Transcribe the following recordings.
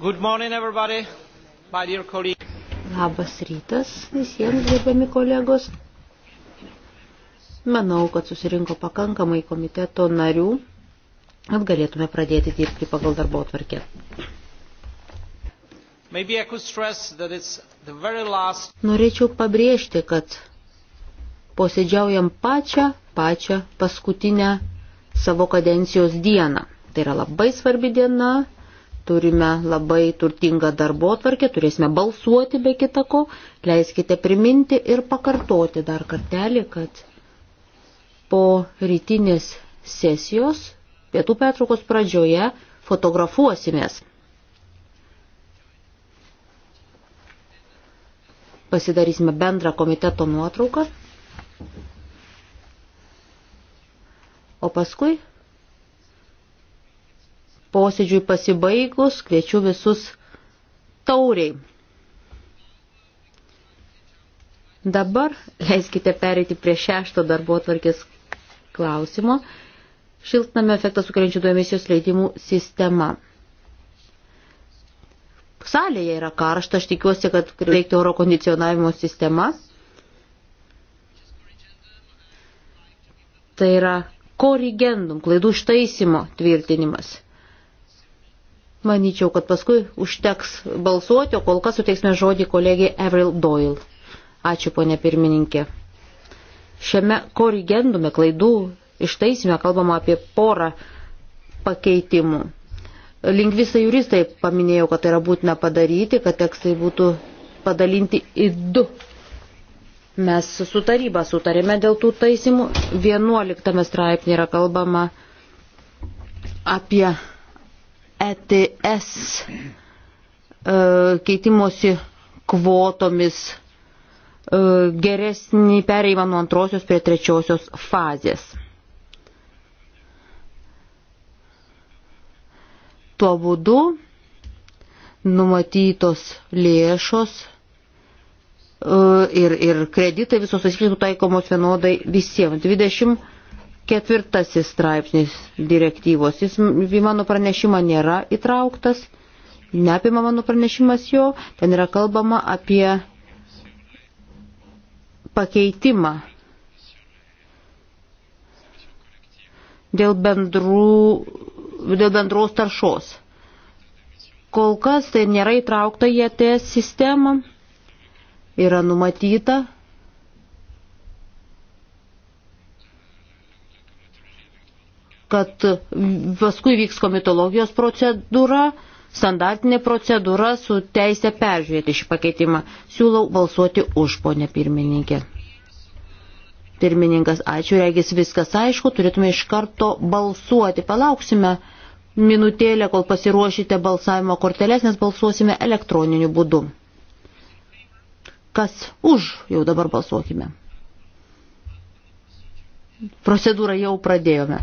Good morning, everybody, my dear colleague. Labas rytas visiems gerbiami kolegos. Manau, kad susirinko pakankamai komiteto narių, kad galėtume pradėti dirbti pagal darbo atvarkę. Last... Norėčiau pabrėžti, kad posėdžiaujam pačią, pačią paskutinę savo kadencijos dieną. Tai yra labai svarbi diena, Turime labai turtingą darbo tvarkę, turėsime balsuoti be kitako. Leiskite priminti ir pakartoti dar kartelį, kad po rytinės sesijos, pietų pertraukos pradžioje, fotografuosimės. Pasidarysime bendrą komiteto nuotrauką. O paskui Posėdžiui pasibaigus kviečiu visus tauriai. Dabar leiskite pereiti prie šešto darbo atvarkės klausimo. Šiltname efektą sukeliančių dujų emisijos leidimų sistema. Salėje yra karšta, aš tikiuosi, kad veiktų oro kondicionavimo sistema. Tai yra korrigendum, klaidų ištaisimo tvirtinimas. Manyčiau, kad paskui užteks balsuoti, o kol kas suteiksime žodį kolegijai Avril Doyle. Ačiū, ponė pirmininkė. Šiame korigendume klaidų ištaisime kalbama apie porą pakeitimų. Lingvistai juristai paminėjo, kad tai yra būtina padaryti, kad tekstai būtų padalinti į du. Mes su taryba sutarėme dėl tų taisimų. 11 straipsnė yra kalbama apie ETS e, keitimosi kvotomis e, geresnį pereimą nuo antrosios prie trečiosios fazės. Tuo būdu numatytos lėšos e, ir, ir kreditai visos taisyklės taikomos vienodai visiems. 20 Ketvirtasis straipsnis direktyvos. Jis į mano pranešimą nėra įtrauktas, neapima mano pranešimas jo, ten yra kalbama apie pakeitimą dėl, bendrų, dėl bendros taršos. Kol kas tai nėra įtraukta į ETS sistemą, yra numatyta, kad paskui vyks komitologijos procedūra, standartinė procedūra su teisė peržiūrėti šį pakeitimą. Siūlau balsuoti už, ponė pirmininkė. Pirmininkas, ačiū, regis viskas aišku, turėtume iš karto balsuoti. Palauksime minutėlę, kol pasiruošite balsavimo korteles, nes balsuosime elektroniniu būdu. Kas už, jau dabar balsuokime. Procedūrą jau pradėjome.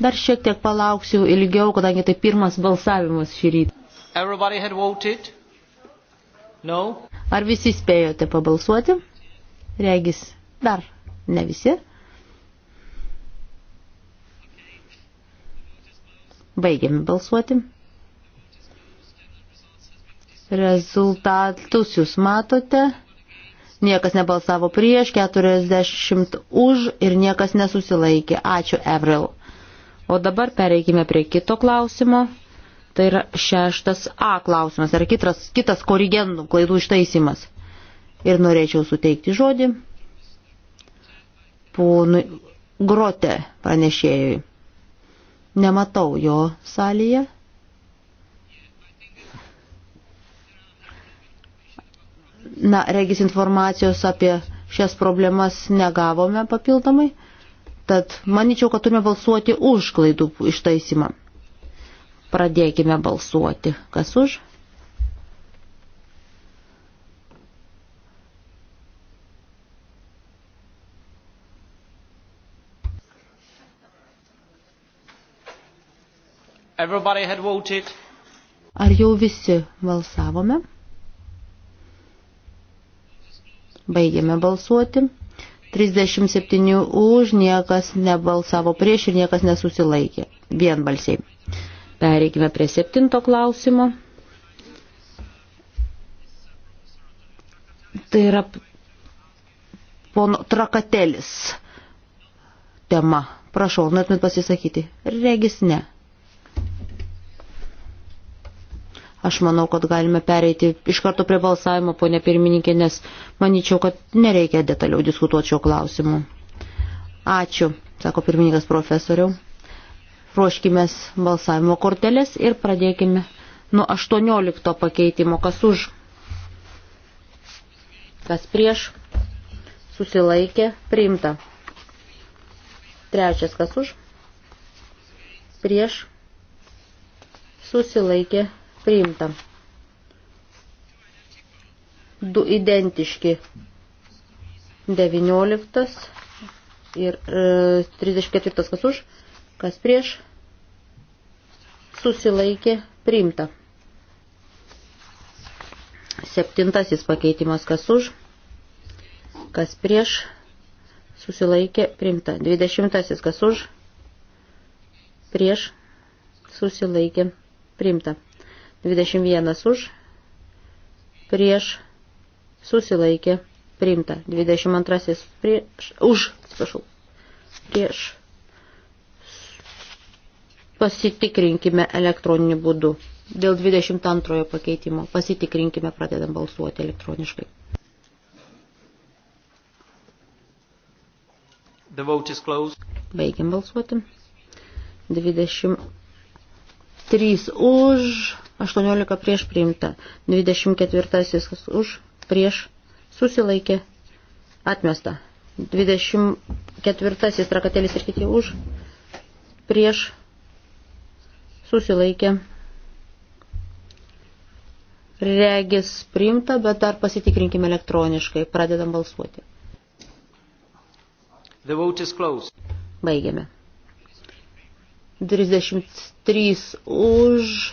Dar šiek tiek palauksiu ilgiau, kadangi tai pirmas balsavimas šį rytą. No? Ar visi spėjote pabalsuoti? Regis, dar ne visi. Baigiame balsuoti. Rezultatus jūs matote niekas nebalsavo prieš, 40 už ir niekas nesusilaikė. Ačiū, Evril. O dabar pereikime prie kito klausimo. Tai yra šeštas A klausimas, ar kitas, kitas korigendų klaidų ištaisimas. Ir norėčiau suteikti žodį ponui Grote pranešėjui. Nematau jo salėje. Na, regis informacijos apie šias problemas negavome papildomai, tad manyčiau, kad turime balsuoti už klaidų ištaisimą. Pradėkime balsuoti. Kas už? Ar jau visi balsavome? Baigėme balsuoti. 37 už, niekas nebalsavo prieš ir niekas nesusilaikė. Vienbalsiai. Pereikime prie septinto klausimo. Tai yra pono trakatelis tema. Prašau, norėtumėt pasisakyti. Regis ne. Aš manau, kad galime pereiti iš karto prie balsavimo, ponė pirmininkė, nes manyčiau, kad nereikia detaliau diskutuoti šio klausimu. Ačiū, sako pirmininkas profesoriau. Ruoškime balsavimo kortelės ir pradėkime nuo 18 pakeitimo. Kas už? Kas prieš? Susilaikė, priimta. Trečias, kas už? Prieš? Susilaikė, priimta Priimta. Du identiški. 19 ir e, 34 kas už, kas prieš. Susilaikė. Priimta. Septintasis pakeitimas kas už, kas prieš. Susilaikė. Priimta. Dvidešimtasis kas už, prieš. Susilaikė. Priimta. 21 už, prieš, susilaikė, priimta. 22 prieš, už, atsiprašau, prieš. Pasitikrinkime elektroniniu būdu. Dėl 22 pakeitimo pasitikrinkime, pradedam balsuoti elektroniškai. The vote is closed. Baigiam balsuoti. 23 už, 18 prieš priimta, 24 kas už, prieš susilaikė, atmesta, 24 trakatelis ir kiti už, prieš susilaikė, regis priimta, bet dar pasitikrinkime elektroniškai, pradedam balsuoti. The vote is closed. Baigiame. 33 už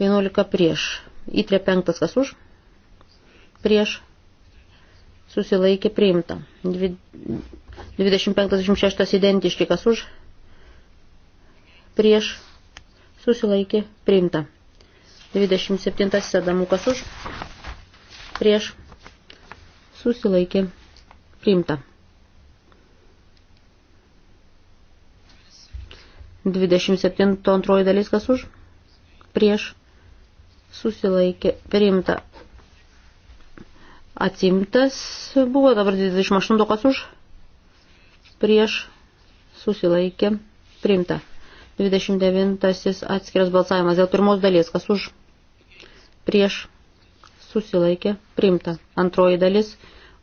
11 prieš. Įtrė penktas kas už. Prieš. Susilaikė priimta. 25-26 identiški kas už. Prieš. Susilaikė priimta. 27 sedamų kas už. Prieš. Susilaikė priimta. 27 antroji dalis kas už. Prieš susilaikė priimta. Atsimtas buvo dabar 28 kas už prieš susilaikė priimta. 29 atskiras balsavimas dėl pirmos dalies kas už prieš susilaikė priimta. Antroji dalis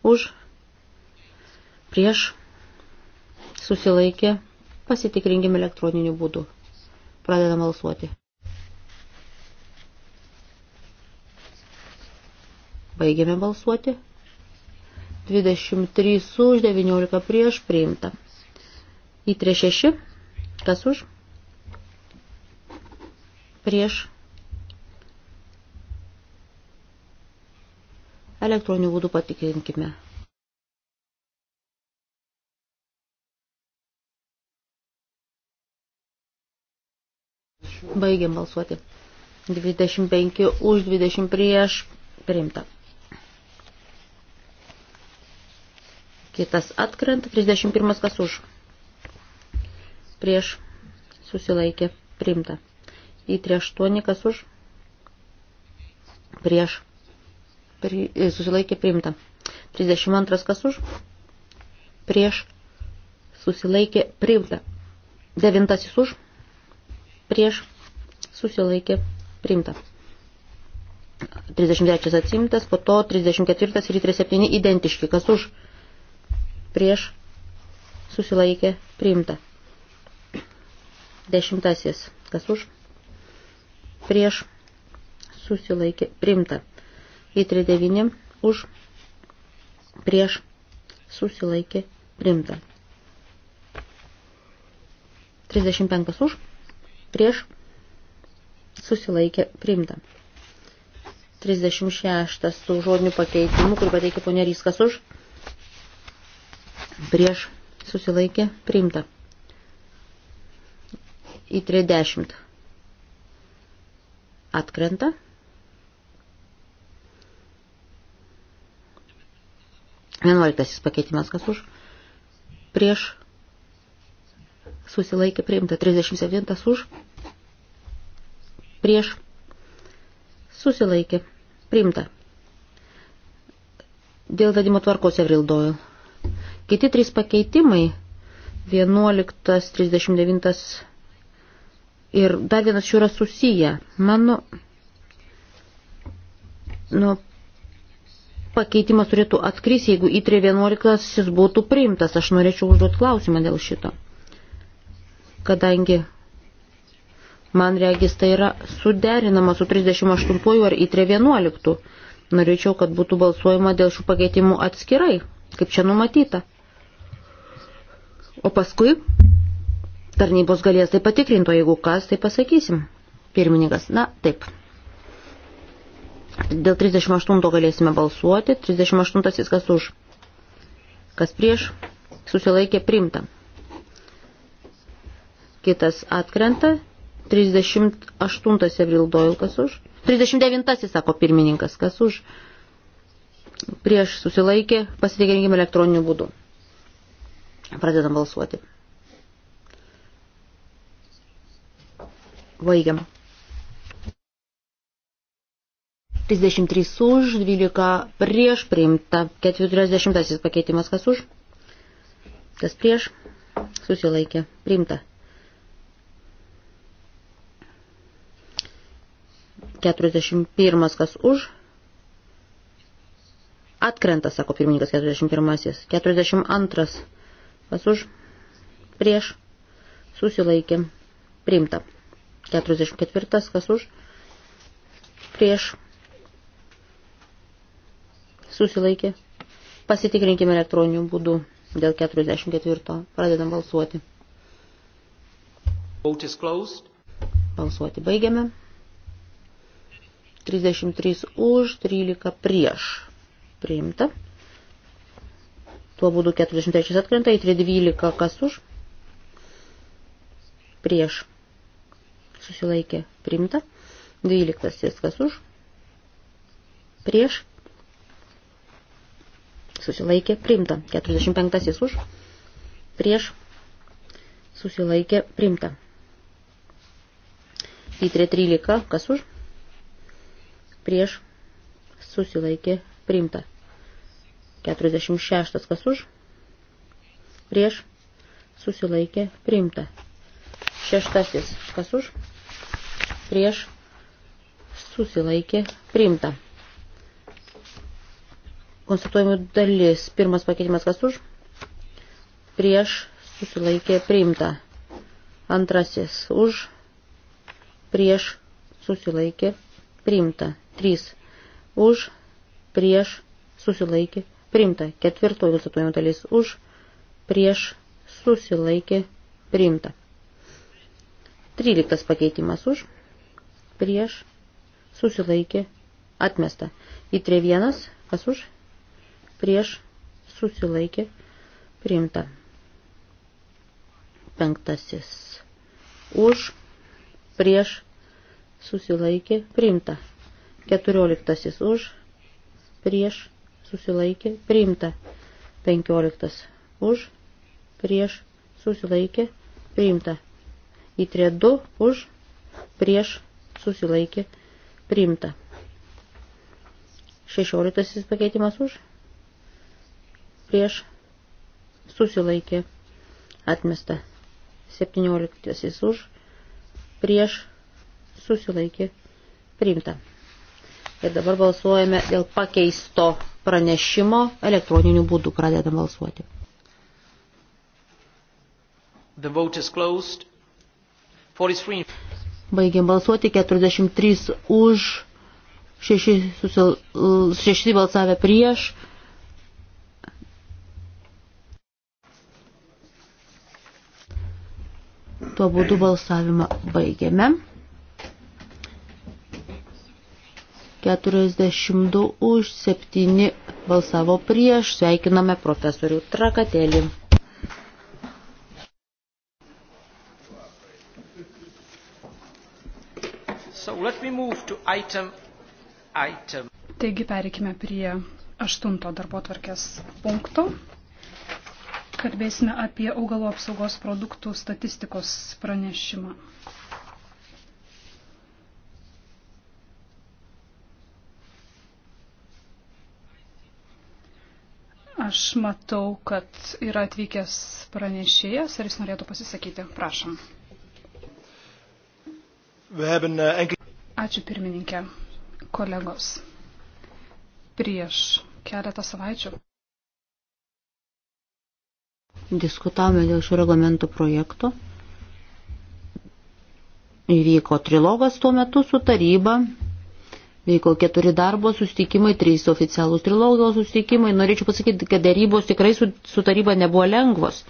už prieš susilaikė pasitikrinkime elektroniniu būdu. Pradedam balsuoti. Baigėme balsuoti. 23 už, 19 prieš, priimta. Į 36, kas už? Prieš. Elektroniniu būdu patikrinkime. Baigiam balsuoti. 25 už, 20 prieš, priimta. kitas atkrenta, 31 kas už, prieš susilaikė primta, į 38 kas už, prieš pri, e, susilaikė primta, 32 kas už, prieš susilaikė primta, 9 už, prieš susilaikė primta. 33 atsimtas, po to 34 ir 37 identiški, kas už prieš susilaikė priimta. Dešimtasis, kas už, prieš susilaikė priimta. Į 39 už, prieš susilaikė priimta. 35 už, prieš susilaikė priimta. 36 su žodiniu pakeitimu, kur pateikė ponė Ryskas už, prieš susilaikė priimta. Į 30 atkrenta. Vienuoliktasis pakeitimas, kas už prieš susilaikė priimta. 37 už prieš susilaikė priimta. Dėl vedimo tvarkos Evril Doyle. Kiti trys pakeitimai 11, 39 ir dar vienas šių yra susiję. Mano nu, pakeitimas turėtų atkris, jeigu į 311 jis būtų priimtas. Aš norėčiau užduoti klausimą dėl šito. Kadangi man regis tai yra suderinama su 38 ar į 311. Norėčiau, kad būtų balsuojama dėl šių pakeitimų atskirai, kaip čia numatyta. O paskui tarnybos galės tai patikrinto, jeigu kas, tai pasakysim. Pirmininkas, na taip. Dėl 38 galėsime balsuoti. 38 kas už. Kas prieš. Susilaikė primta. Kitas atkrenta. 38 Evrildoil kas už. 39 sako pirmininkas kas už. Prieš susilaikė pasitikrinkime elektroniniu būdu. Pradedam balsuoti. Baigiam. 33 už, 12 prieš, priimta 40 pakeitimas, kas už, kas prieš, susilaikė, priimta. 41 kas už, atkrenta, sako pirmininkas 41, 42 Kas už? Prieš. Susilaikė. Priimta. 44. Kas už? Prieš. Susilaikė. Pasitikrinkime elektroniniu būdu dėl 44. Pradedam balsuoti. Balsuoti baigiame. 33 už, 13 prieš. Priimta. Tuo būdu 43 atkrenta į 312, kas už, prieš, susilaikė, primta, 12 kas už, prieš, susilaikė, primta, 45 už, prieš, susilaikė, primta. Į 313, kas už, prieš, susilaikė, primta. 46 kas už, prieš, susilaikė, priimta. Šeštasis kas už, prieš, susilaikė, priimta. Konstatuojimų dalis, pirmas pakeitimas kas už, prieš, susilaikė, priimta. Antrasis už, prieš, susilaikė, priimta. Trys už, prieš, susilaikė, priimta. Ketvirtoji konstatuojama dalis už, prieš, susilaikė, priimta. Tryliktas pakeitimas už, prieš, susilaikė, atmesta. Į tre vienas, kas už, prieš, susilaikė, priimta. Penktasis už, prieš, susilaikė, priimta. Keturioliktasis už, prieš, susilaikė, priimta. 15 už, prieš, susilaikė, priimta. Į 3-2 už, prieš, susilaikė, priimta. 16 pakeitimas už, prieš, susilaikė, atmesta. 17 už, prieš, susilaikė, priimta. Ir dabar balsuojame dėl pakeisto pranešimo elektroniniu būdu pradedam balsuoti. The vote is closed. 43. Baigiam balsuoti 43 už, 6, susil, 6 balsavę prieš. Tuo būdu balsavimą baigiame. 42 už 7 balsavo prieš. Sveikiname profesorių Trakatelį. So let me move to item, item. Taigi pereikime prie aštunto darbo tvarkės punkto. Kalbėsime apie augalų apsaugos produktų statistikos pranešimą. Aš matau, kad yra atvykęs pranešėjas, ar jis norėtų pasisakyti. Prašom. Eh, Ačiū pirmininkė, kolegos. Prieš keletą savaičių. Diskutavome dėl šio reglamento projekto. Įvyko trilogas tuo metu su taryba Vyko keturi darbo sustikimai, trys oficialūs trilogos sustikimai. Norėčiau pasakyti, kad darybos tikrai su, su taryba nebuvo lengvos.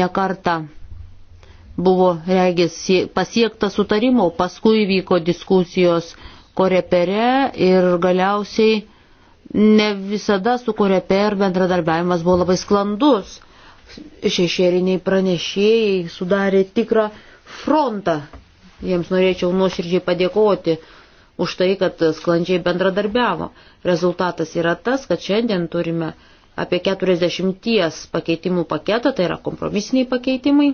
Nekarta buvo regis pasiektas sutarimo, paskui vyko diskusijos korepere ir galiausiai ne visada su koreper bendradarbiavimas buvo labai sklandus. Šešėliniai pranešėjai sudarė tikrą frontą. Jiems norėčiau nuoširdžiai padėkoti už tai, kad sklandžiai bendradarbiavo. Rezultatas yra tas, kad šiandien turime apie 40 pakeitimų paketą, tai yra kompromisiniai pakeitimai.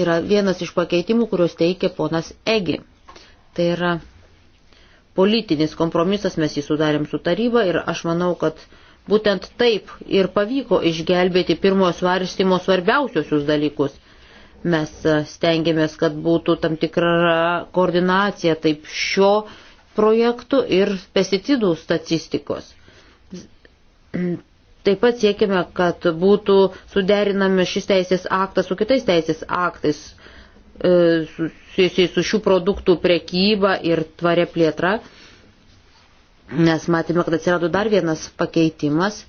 Yra vienas iš pakeitimų, kuriuos teikia ponas Egi. Tai yra politinis kompromisas, mes jį sudarėm su taryba ir aš manau, kad būtent taip ir pavyko išgelbėti pirmojo svarstymo svarbiausiosius dalykus Mes stengiamės, kad būtų tam tikra koordinacija taip šio projektų ir pesticidų statistikos. Taip pat siekime, kad būtų suderinami šis teisės aktas su kitais teisės aktais e, susijusiai su šių produktų prekyba ir tvarė plėtra, nes matėme, kad atsirado dar vienas pakeitimas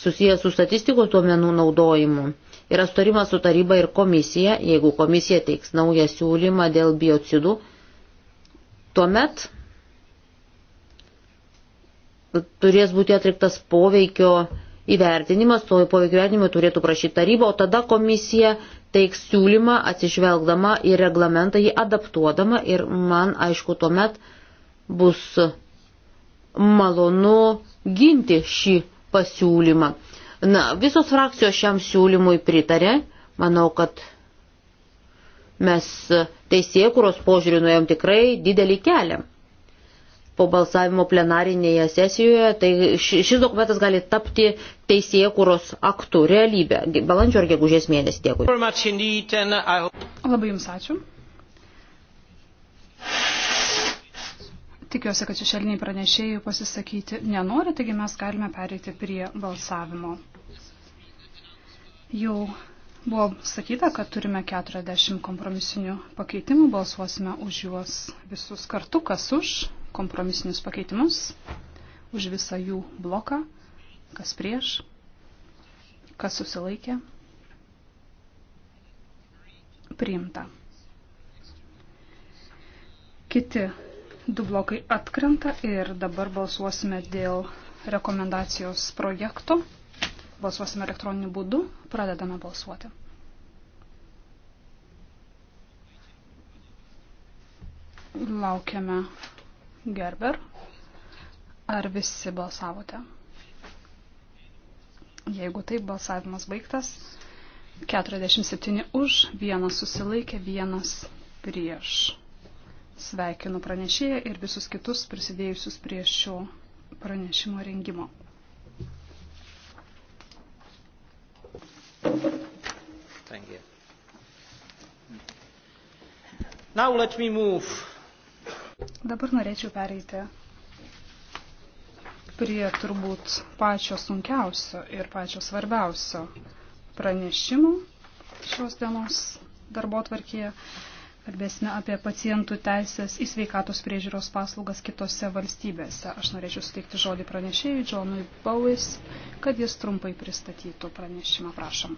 susijęs su statistikos duomenų naudojimu yra sutarimas su taryba ir komisija, jeigu komisija teiks naują siūlymą dėl biocidų, tuomet turės būti atriktas poveikio įvertinimas, to poveikio įvertinimo turėtų prašyti taryba, o tada komisija teiks siūlymą atsižvelgdama į reglamentą, jį adaptuodama ir man, aišku, tuomet bus malonu ginti šį pasiūlymą. Na, visos frakcijos šiam siūlymui pritarė. Manau, kad mes teisėkuros požiūrį nuėjom tikrai didelį kelią. Po balsavimo plenarinėje sesijoje tai šis dokumentas gali tapti teisėkuros aktų realybę. Balandžio ar gegužės mėnesį. Dėkui. Labai Jums ačiū. Tikiuosi, kad šešėliniai pranešėjai pasisakyti nenori, taigi mes galime pereiti prie balsavimo. Jau buvo sakyta, kad turime 40 kompromisinių pakeitimų, balsuosime už juos visus kartu, kas už kompromisinius pakeitimus, už visą jų bloką, kas prieš, kas susilaikė. Priimta. Kiti du blokai atkrenta ir dabar balsuosime dėl rekomendacijos projekto. Balsuosime elektroniniu būdu. Pradedame balsuoti. Laukiame Gerber. Ar visi balsavote? Jeigu taip, balsavimas baigtas. 47 už, vienas susilaikė, vienas prieš. Sveikinu pranešėją ir visus kitus prisidėjusius prie šio pranešimo rengimo. Thank you. Now let me move. Dabar norėčiau pereiti prie turbūt pačio sunkiausio ir pačio svarbiausio pranešimo šios dienos darbo tvarkyje. Kalbėsime apie pacientų teisės į sveikatos priežiūros paslaugas kitose valstybėse. Aš norėčiau suteikti žodį pranešėjui Džonui Bowis, kad jis trumpai pristatytų pranešimą. Prašom.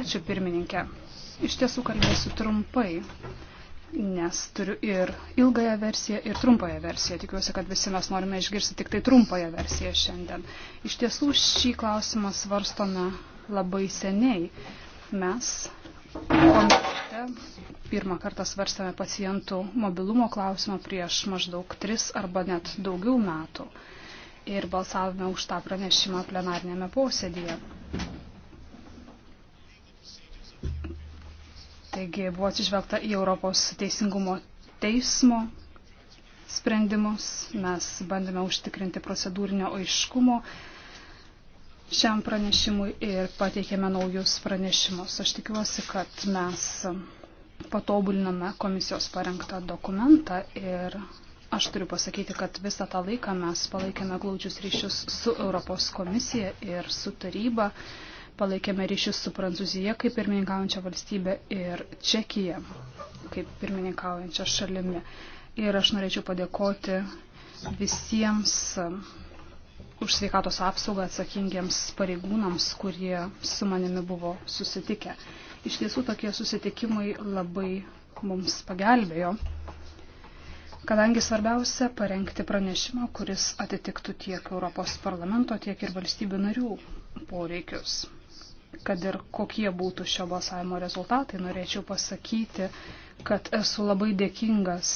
Ačiū pirmininkė. Iš tiesų kalbėsiu trumpai, nes turiu ir ilgąją versiją, ir trumpąją versiją. Tikiuosi, kad visi mes norime išgirsti tik tai trumpąją versiją šiandien. Iš tiesų šį klausimą svarstome labai seniai. Mes komitete pirmą kartą svarstėme pacientų mobilumo klausimą prieš maždaug tris arba net daugiau metų ir balsavome už tą pranešimą plenarnėme posėdėje. Taigi buvo atsižvelgta į Europos teisingumo teismo sprendimus, mes bandėme užtikrinti procedūrinio aiškumo šiam pranešimui ir pateikėme naujus pranešimus. Aš tikiuosi, kad mes patobuliname komisijos parengtą dokumentą ir aš turiu pasakyti, kad visą tą laiką mes palaikėme glaudžius ryšius su Europos komisija ir su taryba, palaikėme ryšius su Prancūzija kaip pirmininkaujančia valstybė ir Čekija kaip pirmininkaujančia šalimi. Ir aš norėčiau padėkoti visiems už sveikatos apsaugą atsakingiems pareigūnams, kurie su manimi buvo susitikę. Iš tiesų tokie susitikimai labai mums pagelbėjo, kadangi svarbiausia parengti pranešimą, kuris atitiktų tiek Europos parlamento, tiek ir valstybių narių poreikius. Kad ir kokie būtų šio balsavimo rezultatai, norėčiau pasakyti, kad esu labai dėkingas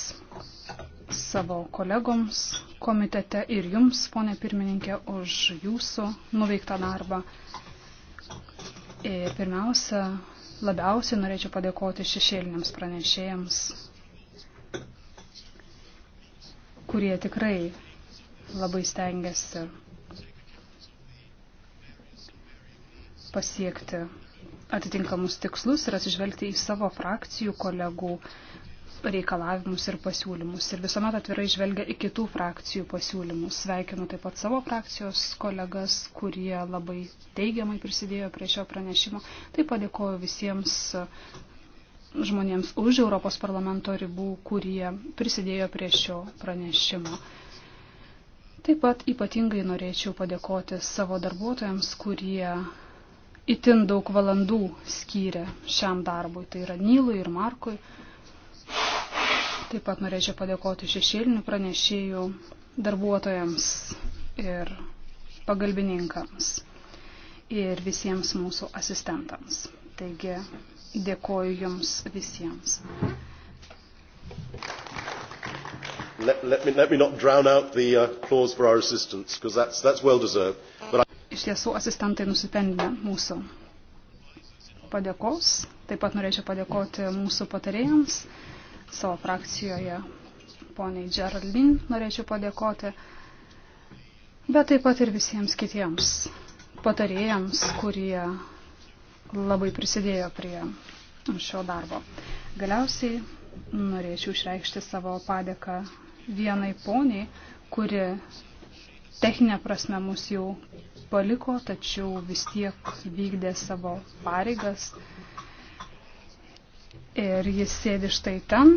savo kolegoms komitete ir jums, ponė pirmininkė, už jūsų nuveiktą darbą. Ir pirmiausia, labiausiai norėčiau padėkoti šešėliniams pranešėjams, kurie tikrai labai stengiasi pasiekti atitinkamus tikslus ir atsižvelgti į savo frakcijų kolegų reikalavimus ir pasiūlymus ir visuomet atvirai žvelgia į kitų frakcijų pasiūlymus. Sveikinu taip pat savo frakcijos kolegas, kurie labai teigiamai prisidėjo prie šio pranešimo. Taip padėkoju visiems žmonėms už Europos parlamento ribų, kurie prisidėjo prie šio pranešimo. Taip pat ypatingai norėčiau padėkoti savo darbuotojams, kurie itin daug valandų skyrė šiam darbui, tai yra Nylui ir Markui. Taip pat norėčiau padėkoti šešėlinių pranešėjų darbuotojams ir pagalbininkams ir visiems mūsų asistentams. Taigi dėkoju Jums visiems. Let, let, me, let me not drown out the uh, applause for our assistants, because that's, that's well deserved. But I... Iš tiesų, asistentai nusipelnė mūsų padėkos. Taip pat norėčiau padėkoti mūsų patarėjams savo frakcijoje poniai Geraldin norėčiau padėkoti, bet taip pat ir visiems kitiems patarėjams, kurie labai prisidėjo prie šio darbo. Galiausiai norėčiau išreikšti savo padėką vienai poniai, kuri techninė prasme mus jau paliko, tačiau vis tiek vykdė savo pareigas ir jis sėdi štai ten.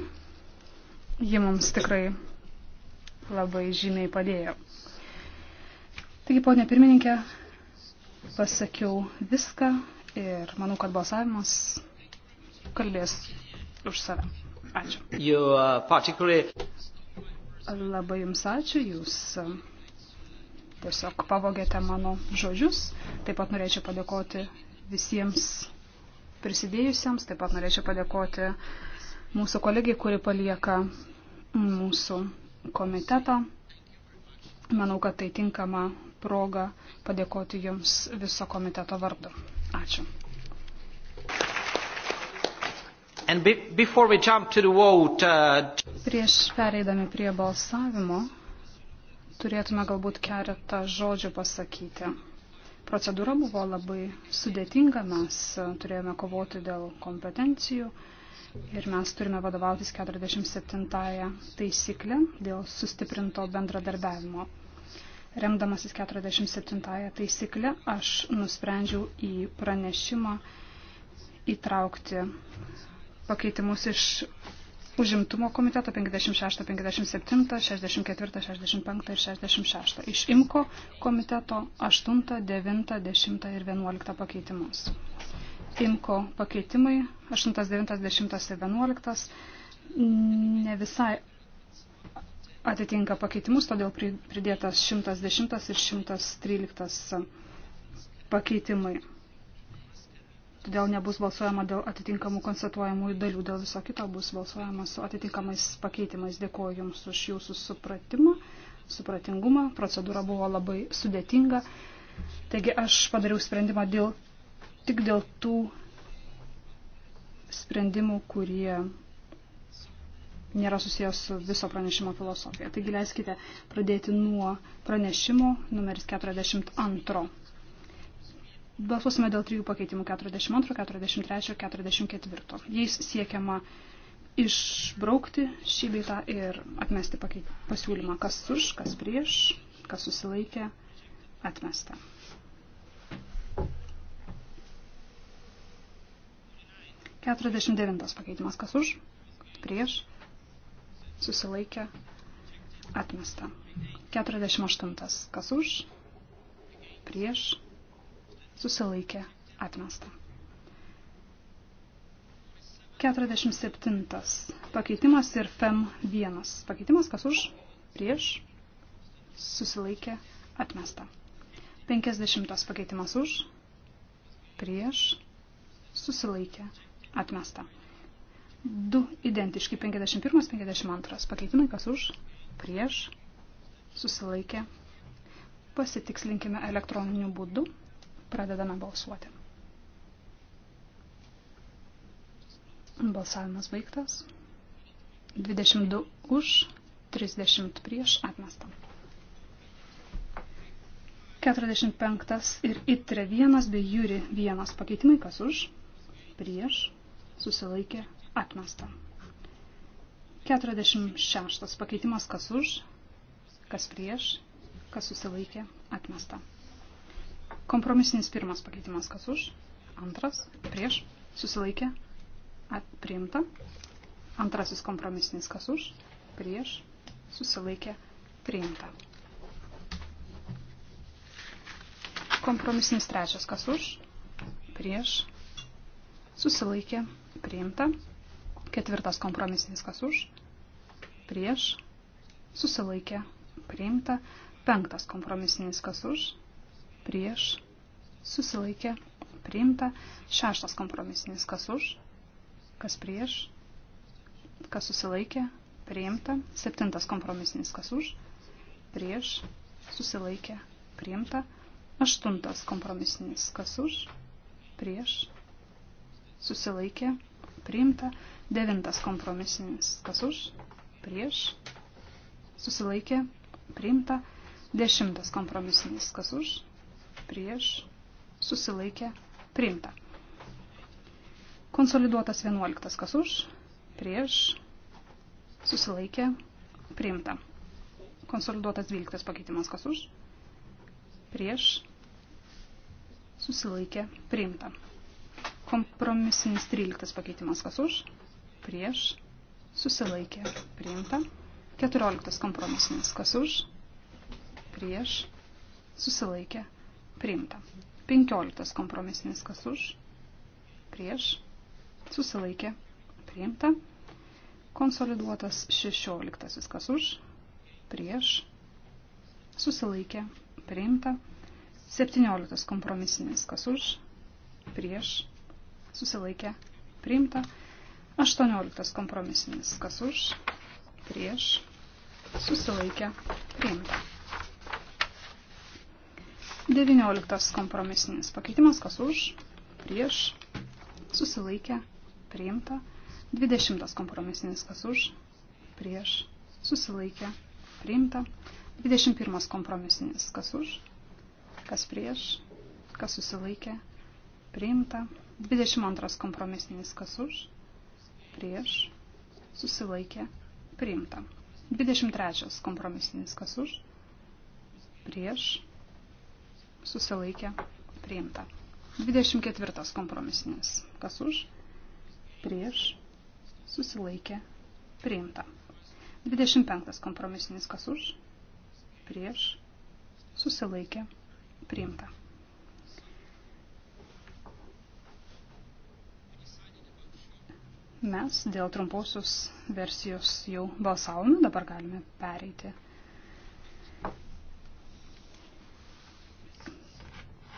Ji mums tikrai labai žymiai padėjo. Taigi, ponė pirmininkė, pasakiau viską ir manau, kad balsavimas kalbės už save. Ačiū. You, uh, particularly... Labai jums ačiū, jūs uh, tiesiog pavogėte mano žodžius. Taip pat norėčiau padėkoti visiems prisidėjusiems. Taip pat norėčiau padėkoti mūsų kolegijai, kuri palieka mūsų komitetą. Manau, kad tai tinkama proga padėkoti Jums viso komiteto vardu. Ačiū. Be, vote, uh... Prieš pereidami prie balsavimo turėtume galbūt keletą žodžių pasakyti. Procedūra buvo labai sudėtinga, mes turėjome kovoti dėl kompetencijų ir mes turime vadovautis 47 taisyklę dėl sustiprinto bendradarbiavimo. Remdamasis 47 taisyklę, aš nusprendžiau į pranešimą įtraukti pakeitimus iš užimtumo komiteto 56, 57, 64, 65 ir 66. Iš IMKO komiteto 8, 9, 10 ir 11 pakeitimus. IMKO pakeitimai 8, 9, 10 ir 11 ne visai atitinka pakeitimus, todėl pridėtas 110 ir 113 pakeitimai todėl nebus balsuojama dėl atitinkamų konstatuojamųjų dalių, dėl viso kito bus balsuojama su atitinkamais pakeitimais. Dėkuoju Jums už Jūsų supratimą, supratingumą, procedūra buvo labai sudėtinga. Taigi aš padariau sprendimą dėl, tik dėl tų sprendimų, kurie nėra susijęs su viso pranešimo filosofija. Taigi leiskite pradėti nuo pranešimo numeris 42. Balsuosime dėl trijų pakeitimų 42, 43 ir 44. Jais siekiama išbraukti šį beitą ir atmesti pakeit... pasiūlymą, kas už, kas prieš, kas susilaikė, atmesta. Keturiasdešimt devintas pakeitimas, kas už, prieš, susilaikė, atmesta. Keturiasdešimt aštuntas, kas už, prieš, susilaikė atmesta. 47. Pakeitimas ir FEM 1. Pakeitimas kas už, prieš, susilaikė atmesta. 50. Pakeitimas už, prieš, susilaikė atmesta. 2 identiški 51-52 pakeitimai, kas už, prieš, susilaikė. Pasitikslinkime elektroniniu būdu. Pradedame balsuoti. Balsavimas baigtas. 22 už, 30 prieš atmestą. 45 ir itre 1 bei jūri 1 pakeitimai, kas už, prieš, susilaikė atmestą. 46 pakeitimas, kas už, kas prieš, kas susilaikė atmestą. Kompromisinis pirmas pakeitimas, kas už, antras, prieš, susilaikė, priimta. Antrasis kompromisinis, kas už, prieš, susilaikė, priimta. Kompromisinis trečias, kas už, prieš, susilaikė, priimta. Ketvirtas kompromisinis, kas už, prieš, susilaikė, priimta. Penktas kompromisinis, kas už, prieš, susilaikė, priimta. Šeštas kompromisinis, kas už, kas prieš, kas susilaikė, priimta. Septintas kompromisinis, kas už, prieš, susilaikė, priimta. Aštuntas kompromisinis, kas už, prieš, susilaikė, priimta. Devintas kompromisinis, kas už, prieš, susilaikė, priimta. Dešimtas kompromisinis, kas už, prieš, susilaikė, priimta. Konsoliduotas 11, kas už, prieš, susilaikė, priimta. Konsoliduotas 12 pakeitimas, kas už, prieš, susilaikė, priimta. Kompromisinis 13 pakeitimas, kas už, prieš, susilaikė, priimta. 14 kompromisinis, kas už, prieš, susilaikė, Priimta. 15 kompromisinis kas už. Prieš. Susilaikė. Priimta. Konsoliduotas 16 kas už. Prieš. Susilaikė. Priimta. 17 kompromisinis kas už. Prieš. Susilaikė. Priimta. 18 kompromisinis kas už. Prieš. Susilaikė. Priimta. 19 kompromisinis pakeitimas, kas už, prieš, susilaikę, priimta. 20 kompromisinis, kas už, prieš, susilaikę, priimta. 21 kompromisinis, kas už, kas prieš, kas susilaikė, priimta. 22 kompromisinis, kas už, prieš, susilaikė, priimta. 23 kompromisinis, kas už, prieš, susilaikė priimta. 24 kompromisinis. Kas už? Prieš susilaikė priimta. 25 kompromisinis. Kas už? Prieš susilaikė priimta. Mes dėl trumposios versijos jau balsavome, dabar galime pereiti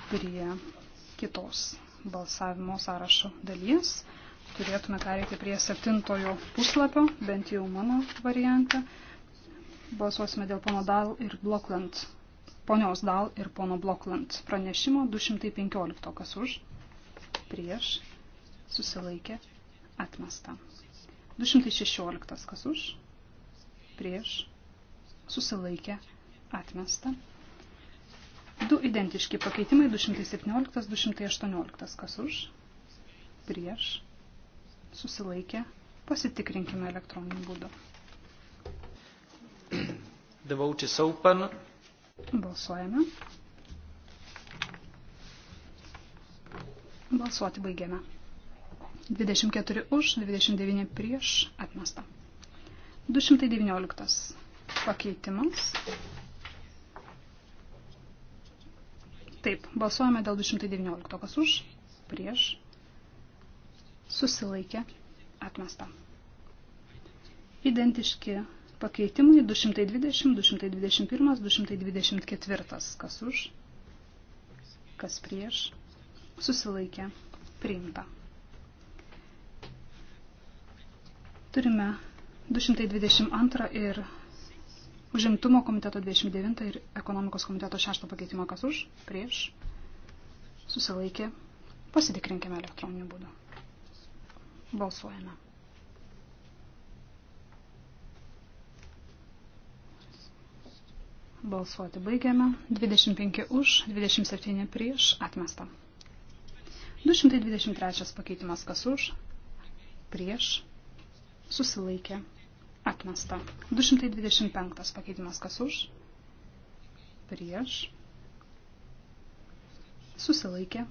prie kitos balsavimo sąrašo dalies. Turėtume pereiti prie septintojo puslapio, bent jau mano variante. Balsuosime dėl pono Dal ir Blokland. Ponios Dal ir pono Blokland. Pranešimo 215. Kas už? Prieš. Susilaikė. Atmesta. 216. Kas už? Prieš. Susilaikė. Atmesta. Du identiški pakeitimai 217-218. Kas už? Prieš. Susilaikė. Pasitikrinkime elektroniniu būdu. The vote is open. Balsuojame. Balsuoti baigiame. 24 už, 29 prieš atmesta. 219 pakeitimas. Taip, balsuojame dėl 219. Kas už? Prieš. Susilaikė. Atmesta. Identiški pakeitimai 220, 221, 224. Kas už? Kas prieš? Susilaikė. Priimta. Turime 222 ir Užimtumo komiteto 29 ir ekonomikos komiteto 6 pakeitimo kas už, prieš, susilaikė. Pasitikrinkime elektroniniu būdu. Balsuojame. Balsuoti baigiame. 25 už, 27 prieš, atmesta. 223 pakeitimas kas už, prieš, susilaikė Atmesta. 225 pakeitimas kas už. Prieš. Susilaikė.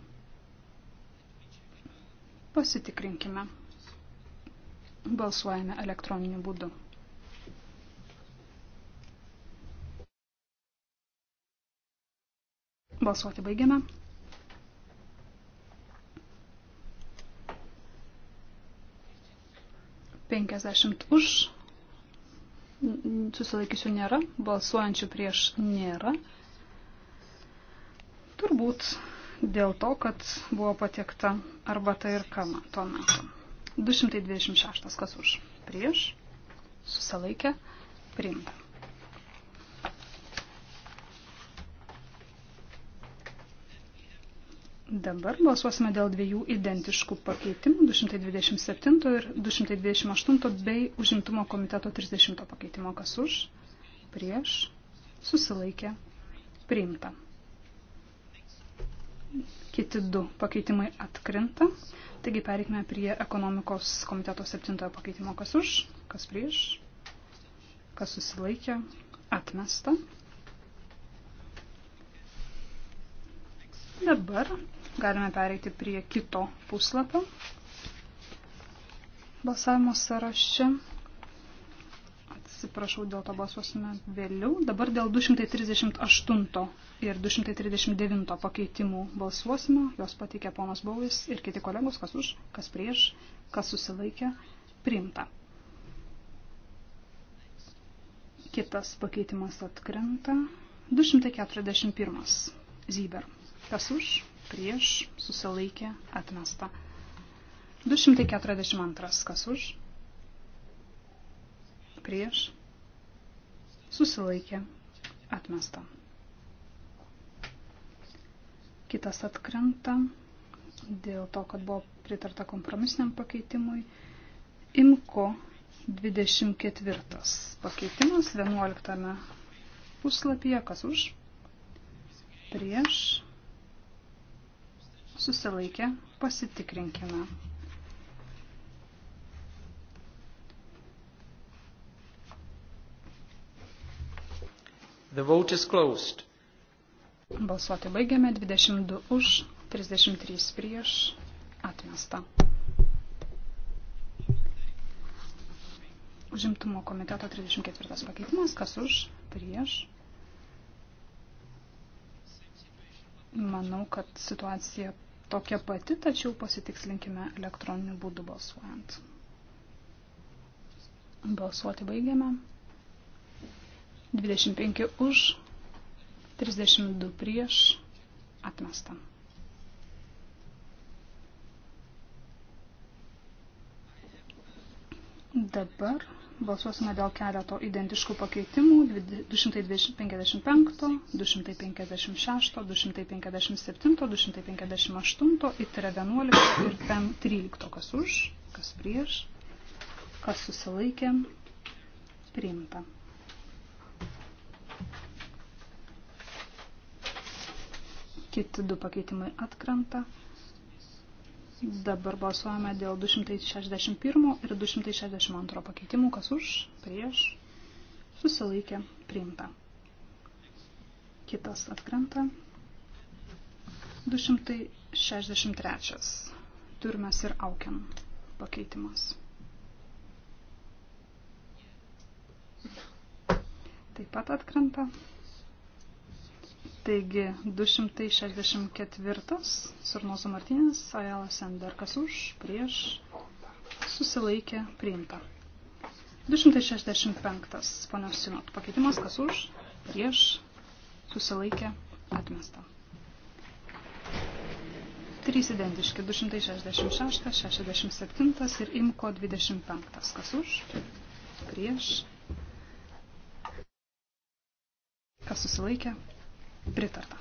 Pasitikrinkime. Balsuojame elektroniniu būdu. Balsuoti baigiame. Penkiasdešimt už, Susilaikysiu nėra, balsuojančių prieš nėra. Turbūt dėl to, kad buvo patiekta arba tai ir kama tuo metu. 226 kas už prieš, susilaikė, priimta. Dabar balsuosime dėl dviejų identiškų pakeitimų - 227 ir 228 bei užimtumo komiteto 30 pakeitimo. Kas už? Prieš? Susilaikė? Priimta. Kiti du pakeitimai atkrinta. Taigi pereikime prie ekonomikos komiteto 7 pakeitimo. Kas už? Kas prieš? Kas susilaikė? Atmesta. Dabar galime pereiti prie kito puslapio balsavimo sąraše. Atsiprašau, dėl to balsuosime vėliau. Dabar dėl 238 ir 239 pakeitimų balsuosime. Jos pateikė ponas Bauvis ir kiti kolegos, kas už, kas prieš, kas susilaikė, priimta. Kitas pakeitimas atkrenta. 241. Zyber. Kas už, prieš, susilaikė, atmesta. 242. Kas už, prieš, susilaikė, atmesta. Kitas atkrenta dėl to, kad buvo pritarta kompromisiniam pakeitimui. Imko 24 pakeitimas 11 puslapyje, kas už, prieš, susilaikė, pasitikrinkime. The vote is closed. Balsuoti baigiame 22 už, 33 prieš, atmesta. Užimtumo komiteto 34 pakeitimas, kas už, prieš. Manau, kad situacija tokia pati, tačiau pasitikslinkime elektroniniu būdu balsuojant. Balsuoti baigiame. 25 už, 32 prieš, atmesta. Dabar Balsuosime dėl keleto identiškų pakeitimų 255, 256, 257, 258, ITRE 11 ir PEM 13. Kas už, kas prieš, kas susilaikė, priimta. Kiti du pakeitimai atkrenta. Dabar balsuojame dėl 261 ir 262 pakeitimų, kas už, prieš, susilaikė, priimta. Kitas atkrenta. 263. Turmes ir aukiam pakeitimas. Taip pat atkrenta. Taigi 264 Sarnoso Martinės, Ajala Sender, kas už, prieš, susilaikė, priimta. 265 ponios Sinot, pakeitimas, kas už, prieš, susilaikė, atmesta. 3 identiški 266, 67 ir IMKO 25, kas už, prieš, kas susilaikė, Pritarta.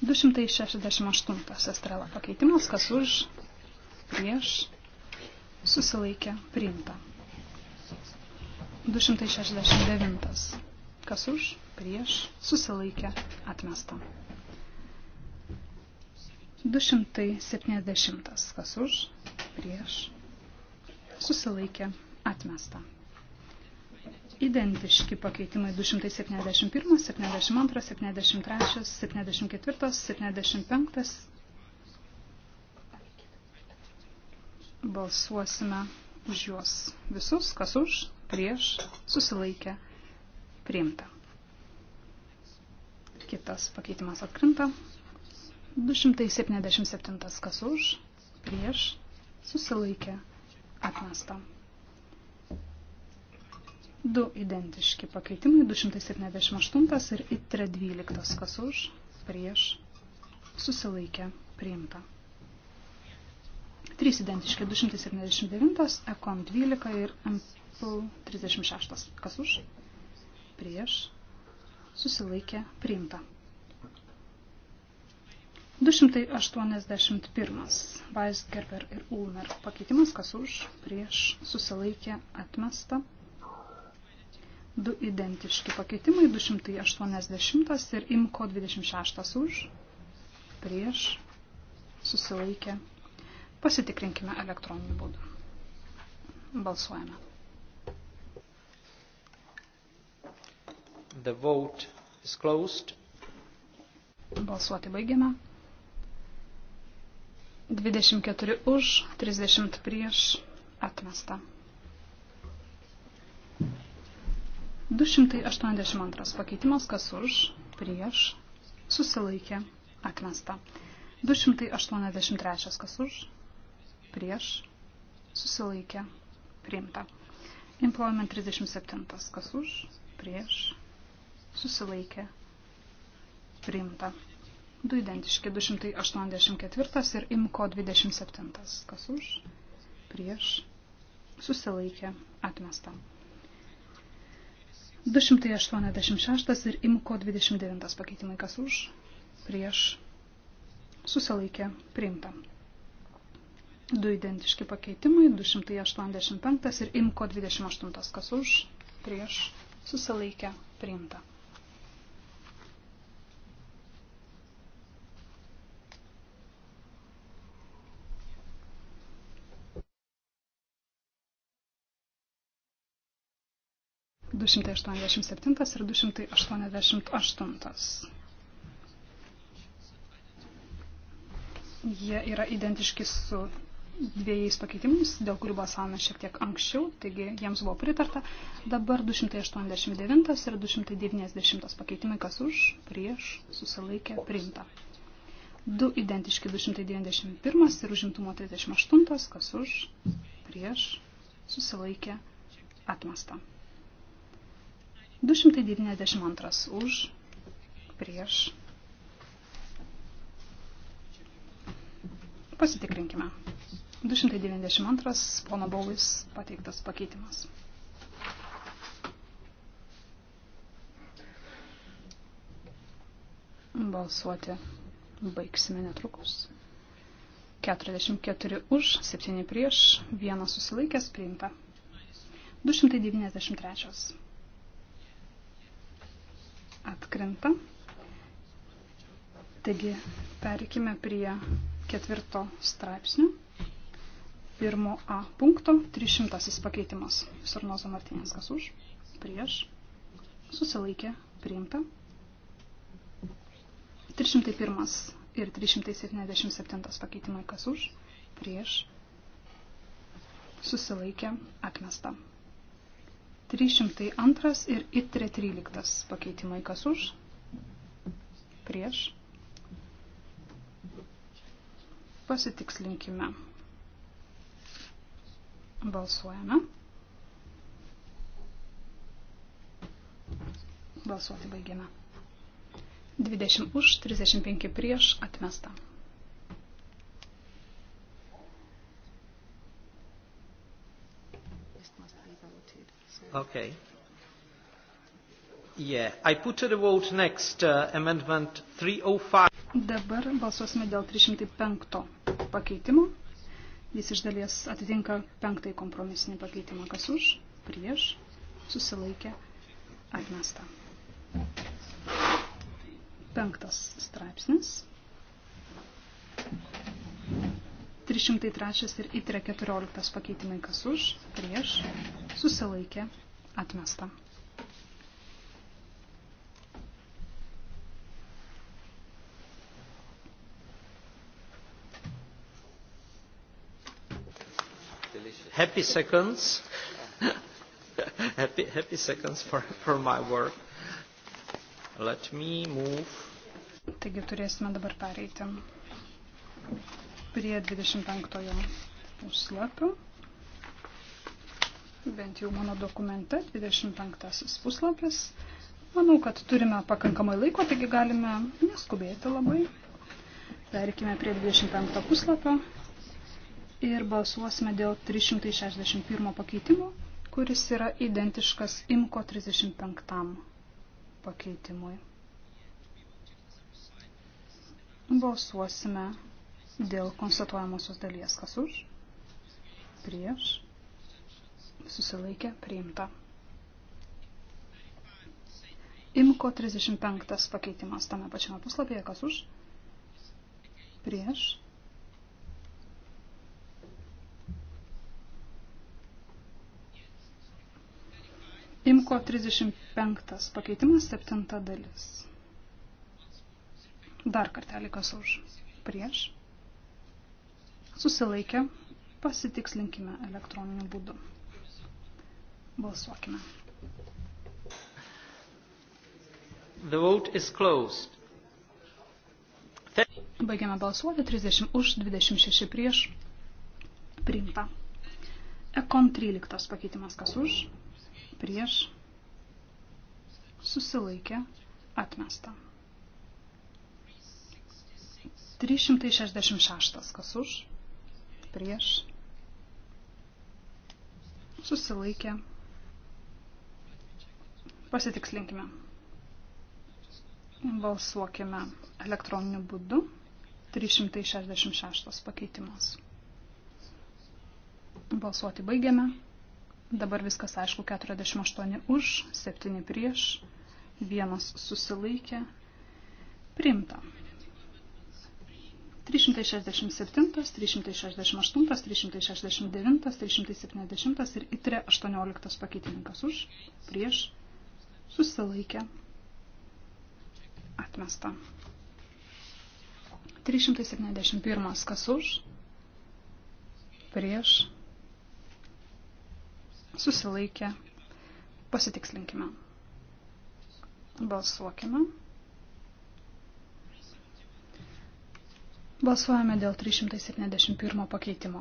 Du šimtai šešiasdešimt aštuntas estrela pakeitimas, kas už, prieš, susilaikė, priimta. 269. Kas už, prieš, susilaikė, atmesta. 270. Kas už, prieš, susilaikė, Atmesta. Identiški pakeitimai 271, 72, 73, 74, 75. Balsuosime už juos visus, kas už, prieš, susilaikę, priimta. Kitas pakeitimas atkrinta. 277, kas už, prieš, susilaikę, atmesta. Du identiški pakeitimai, 278 ir ITRE 12, kas už, prieš, susilaikė, priimta. 3 identiški, 279, ECOM 12 ir MPL 36, kas už, prieš, susilaikė, priimta. 281. Weisgerber ir Ulmer pakeitimas, kas už, prieš, susilaikė, atmesta. 282. Du identiški pakeitimai 280 ir imko 26 už, prieš, susilaikė. Pasitikrinkime elektroniniu būdu. Balsuojame. The vote is closed. Balsuoti baigiame. 24 už, 30 prieš, atmesta. 282 pakeitimas, kas už, prieš, susilaikė, atmesta. 283 kas už, prieš, susilaikė, priimta. Employment 37 kas už, prieš, susilaikė, priimta. Du identiški 284 ir IMCO 27 kas už, prieš, susilaikė, atmesta. 286 ir imko 29 pakeitimai kas už, prieš, susilaikė, priimta. Du identiški pakeitimai, 285 ir imko 28 kas už, prieš, susilaikė, priimta. 287 ir 288. Jie yra identiški su dviejais pakeitimais, dėl kurių balsavome šiek tiek anksčiau, taigi jiems buvo pritarta. Dabar 289 ir 290 pakeitimai, kas už, prieš, susilaikė, priimta. Du identiški 291 ir užimtumo 38, kas už, prieš, susilaikė, atmesta. 292 už, prieš. Pasitikrinkime. 292 pono Baulis pateiktas pakeitimas. Balsuoti baigsime netrukus. 44 už, 7 prieš, 1 susilaikęs priimta. 293 atkrenta. Taigi, pereikime prie ketvirto straipsnių. Pirmo A punkto, 300 pakeitimas. Sarnozo Martinės, kas už, prieš, susilaikė, priimta. 301 ir 377 pakeitimai, kas už, prieš, susilaikė, atmesta. 302 ir ITRE 13 pakeitimai kas už, prieš. Pasitikslinkime. Balsuojame. Balsuoti baigiame. 20 už, 35 prieš, atmesta. Okay. Yeah. I put to the vote next uh, amendment 305. Dabar balsuosime dėl 305 pakeitimo. Jis iš dalies atitinka penktąjį kompromisinį pakeitimą. Kas už, prieš, susilaikė, atmesta. Penktas straipsnis. 303 ir įtrė 14 pakeitimai kas už, prieš, susilaikė, atmesta. Happy seconds. happy, happy seconds for, for my work. Let me move. Taigi turėsime dabar pereiti prie 25 puslapio. Bent jau mano dokumente 25 puslapis. Manau, kad turime pakankamai laiko, taigi galime neskubėti labai. Perikime prie 25 puslapio ir balsuosime dėl 361 pakeitimo, kuris yra identiškas IMKO 35 pakeitimui. Balsuosime dėl konstatuojamosios dalies. Kas už? Prieš. Susilaikė. Priimta. Imko 35 pakeitimas tame pačiame puslapyje. Kas už? Prieš. Imko 35 pakeitimas 7 dalis. Dar kartelį kas už. Prieš susilaikė, pasitikslinkime elektroniniu būdu. Balsuokime. The vote is closed. Baigiame balsuoti 30 už, 26 prieš. Priimta. Ekon 13 pakeitimas kas už, prieš, susilaikė, atmesta. 366 kas už, prieš, susilaikė. Pasitikslinkime. Balsuokime elektroniniu būdu. 366 pakeitimas. Balsuoti baigiame. Dabar viskas aišku 48 už, 7 prieš, vienas susilaikė. Primta. 367, 368, 369, 370 ir itre 18 pakeitininkas už, prieš, susilaikė, atmesta. 371 kas už, prieš, susilaikė, pasitikslinkime. Balsuokime. Balsuojame dėl 371 pakeitimo.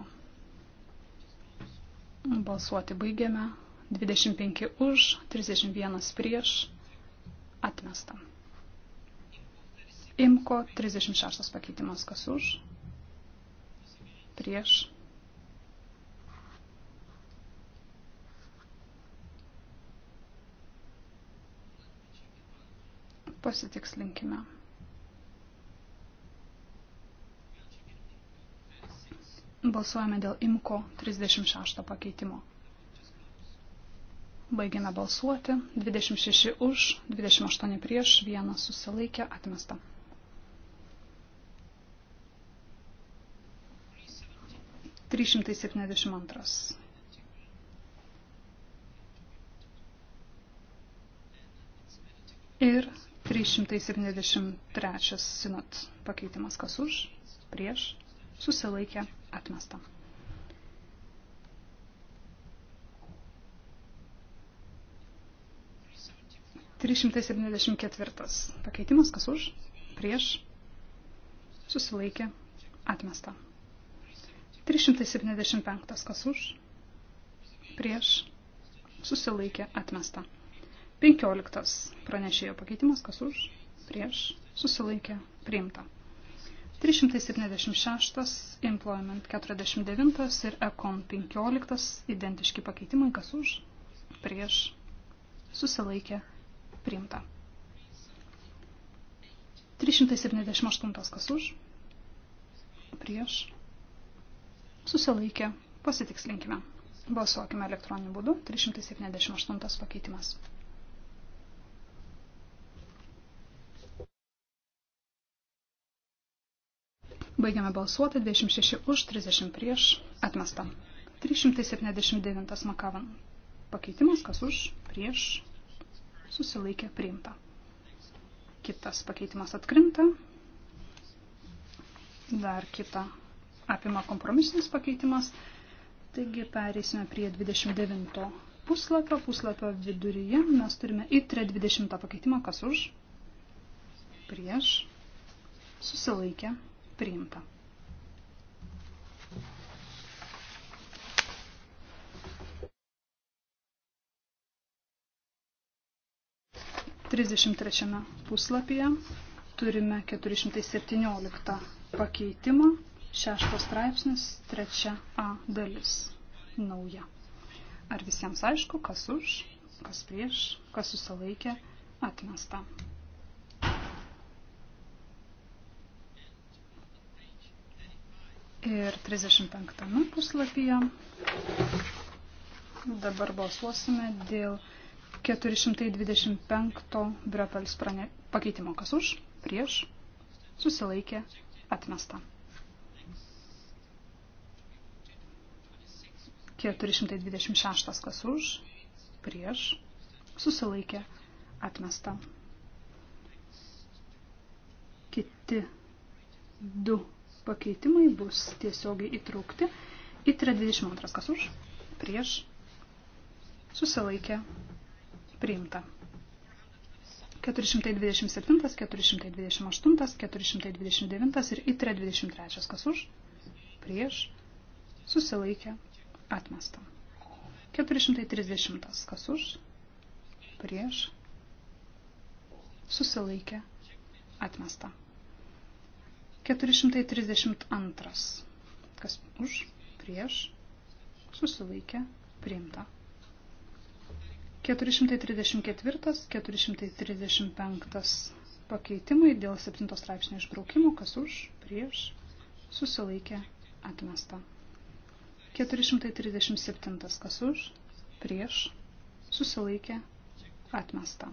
Balsuoti baigiame. 25 už, 31 prieš. Atmesta. Imko 36 pakeitimas. Kas už? Prieš. Pasitikslinkime. Balsuojame dėl IMKO 36 pakeitimo. Baigiame balsuoti. 26 už, 28 prieš, 1 susilaikė, atmesta. 372. Ir 373 sinot pakeitimas kas už, prieš, susilaikė atmesta. Trišimtai septyniasdešimt ketvirtas pakeitimas, kas už, prieš, susilaikė atmesta. 375 kas už, prieš, susilaikė, atmesta. 15 pranešėjo pakeitimas kas už, prieš, susilaikė, priimta. 376, Employment 49 ir Econ 15 identiški pakeitimai, kas už, prieš, susilaikė, priimta. 378 kas už, prieš, susilaikė, pasitikslinkime. Balsuokime elektroniniu būdu, 378 pakeitimas. Baigiame balsuoti 26 už, 30 prieš, atmesta. 379 makavan. Pakeitimas, kas už, prieš, susilaikė priimta. Kitas pakeitimas atkrinta. Dar kita apima kompromisinis pakeitimas. Taigi pereisime prie 29 puslapio. Puslapio viduryje mes turime į 320 pakeitimą, kas už, prieš, susilaikė priimta priimta. Trisdešimt trečiame puslapyje turime 417 pakeitimą, šeštas straipsnis, trečia A dalis, nauja. Ar visiems aišku, kas už, kas prieš, kas susilaikė, atmesta. ir 35 puslapyje. Dabar balsuosime dėl 425 Brepels prane... pakeitimo. Kas už? Prieš? Susilaikė? Atmesta. 426 kas už? Prieš? Susilaikė? Atmesta. Kiti du pakeitimai bus tiesiogiai įtraukti į 322. Kas už? Prieš. Susilaikė. Priimta. 427, 428, 429 ir į 323. Kas už? Prieš. Susilaikė. Atmesta. 430. Kas už? Prieš. Susilaikė. Atmesta. 432. Kas už, prieš, susilaikė, priimta. 434, 435 pakeitimai dėl 7 straipsnio išbraukimo, kas už, prieš, susilaikė, atmesta. 437, kas už, prieš, susilaikė, atmesta.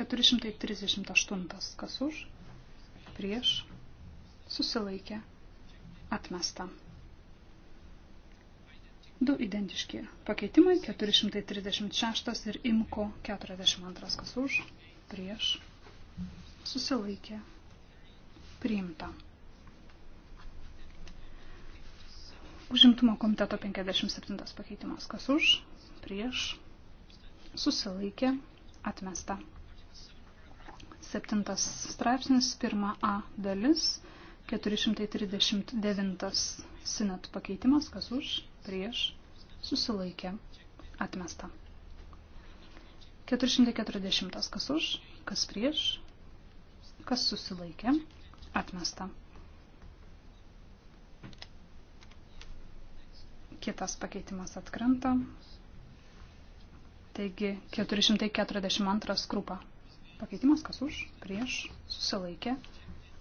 438, kas už, prieš, susilaikė, atmesta. Du identiški pakeitimai 436 ir imko 42 kas už, prieš, susilaikė, priimta. Užimtumo komiteto 57 pakeitimas kas už, prieš, susilaikė, atmesta. Septintas straipsnis, pirma A dalis, 439 sinat pakeitimas, kas už, prieš, susilaikė, atmesta. 440 kas už, kas prieš, kas susilaikė, atmesta. Kitas pakeitimas atkrenta. Taigi 442 skrūpa. Pakeitimas kas už, prieš, susilaikė,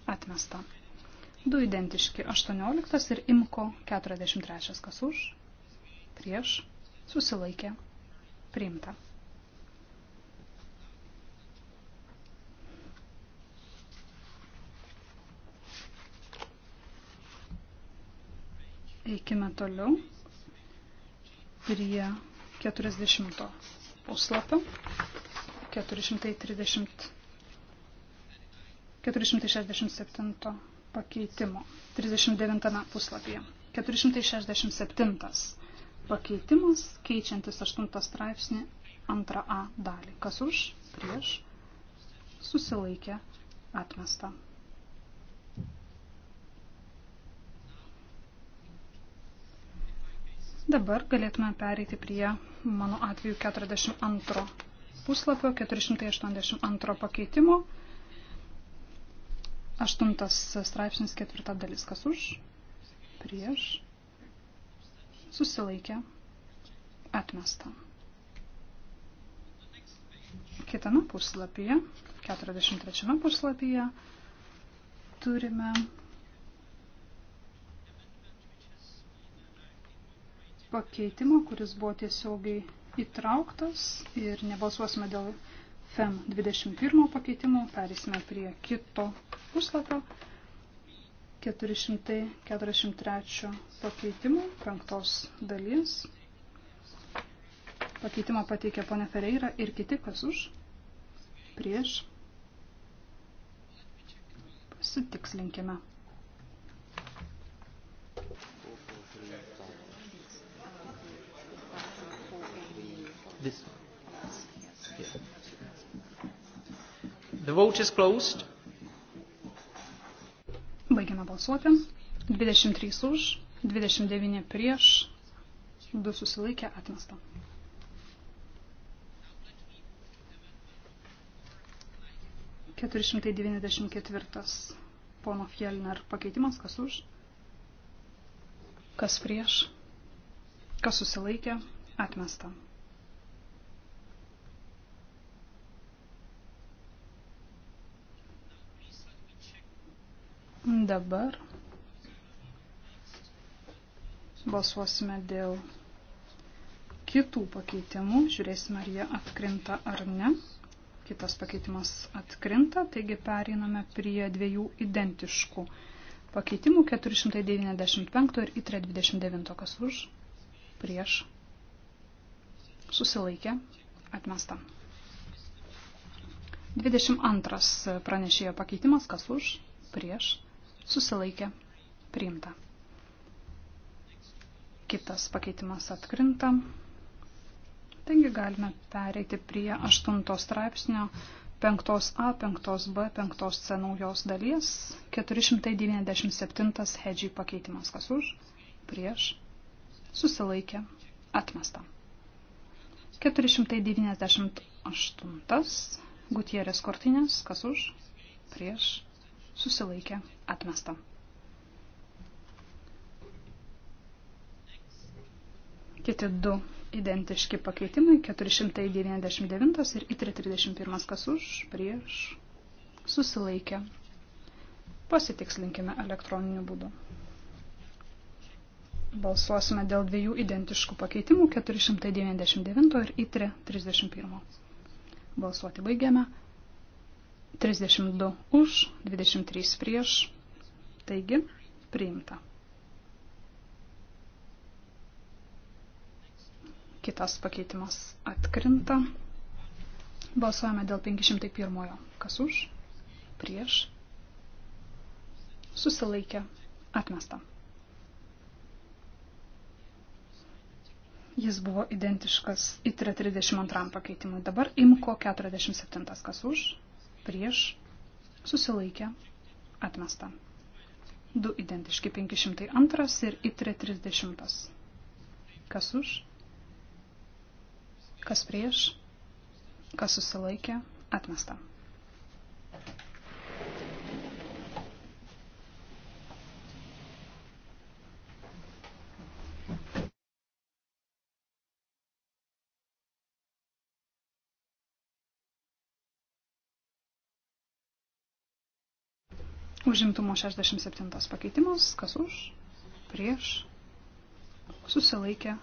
atmesta. Du identiški 18 ir imko 43. Kas už? Prieš. Susilaikė. Priimta. Eikime toliau prie 40 puslapio 430 467 pakeitimo 39 puslapyje. 467 pakeitimas keičiantis 8 straipsnį 2a dalį. Kas už, prieš, susilaikė, atmesta. Dabar galėtume pereiti prie mano atveju 42 puslapio 482 pakeitimo Aštuntas straipsnis ketvirta dalis. Kas už? Prieš. Susilaikė. Atmesta. Kitame puslapyje, 43 puslapyje, turime pakeitimą, kuris buvo tiesiogiai įtrauktas ir nebalsuosime dėl FEM 21 pakeitimų. Perėsime prie kito puslapio. 443 pakeitimų, penktos dalies. Pakeitimą pateikė ponė Fereira ir kiti, kas už, prieš. Pasitikslinkime. This one. The vote is closed. Baigiame balsuoti. 23 už, 29 prieš, 2 susilaikė atmestą. Keturi šimtai devyniasdešimt ketvirtas pono Fjellner pakeitimas, kas už, kas prieš, kas susilaikė, atmesta. Dabar balsuosime dėl kitų pakeitimų. Žiūrėsime, ar jie atkrinta ar ne. Kitas pakeitimas atkrinta, taigi pereiname prie dviejų identiškų pakeitimų 495 ir įtrė 29. Kas už? Prieš. Susilaikė. Atmesta. 22 pranešėjo pakeitimas. Kas už? Prieš susilaikė, priimta. Kitas pakeitimas atkrinta. Taigi galime pereiti prie 8 straipsnio 5a, 5b, 5c naujos dalies, 497 hedžiai pakeitimas. Kas už? Prieš. Susilaikė. Atmesta. 498. Gutierės kortinės. Kas už? Prieš susilaikė, atmesta. Kiti du identiški pakeitimai 499 ir 331 kas už, prieš, susilaikė. Pasitikslinkime elektroniniu būdu. Balsuosime dėl dviejų identiškų pakeitimų 499 ir 331. Balsuoti baigiame. 32 už, 23 prieš. Taigi, priimta. Kitas pakeitimas atkrinta. Balsuojame dėl 501. Kas už? Prieš. Susilaikė. Atmesta. Jis buvo identiškas į 32 pakeitimui. Dabar imko 47. Kas už? prieš, susilaikė, atmesta. 2 identiški 502 ir itre 30. Kas už, kas prieš, kas susilaikė, atmesta. Užimtumo 67 pakeitimas, kas už, prieš, susilaikė,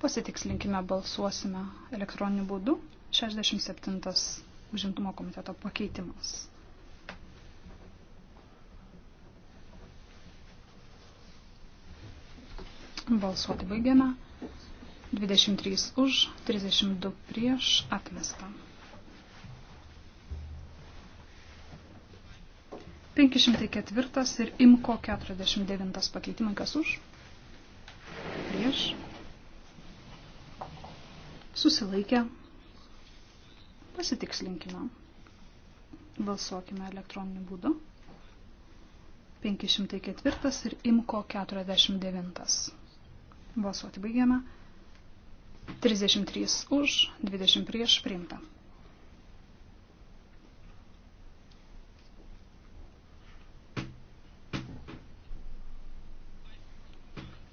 pasitikslinkime, balsuosime elektroniniu būdu, 67 užimtumo komiteto pakeitimas. Balsuoti baigiame. 23 už, 32 prieš, atmesta. 504 ir imko 49 pakeitimai kas už, prieš, susilaikę, pasitikslinkime, balsuokime elektroniniu būdu. 504 ir imko 49. Balsuoti baigiame. 33 už, 20 prieš priimta.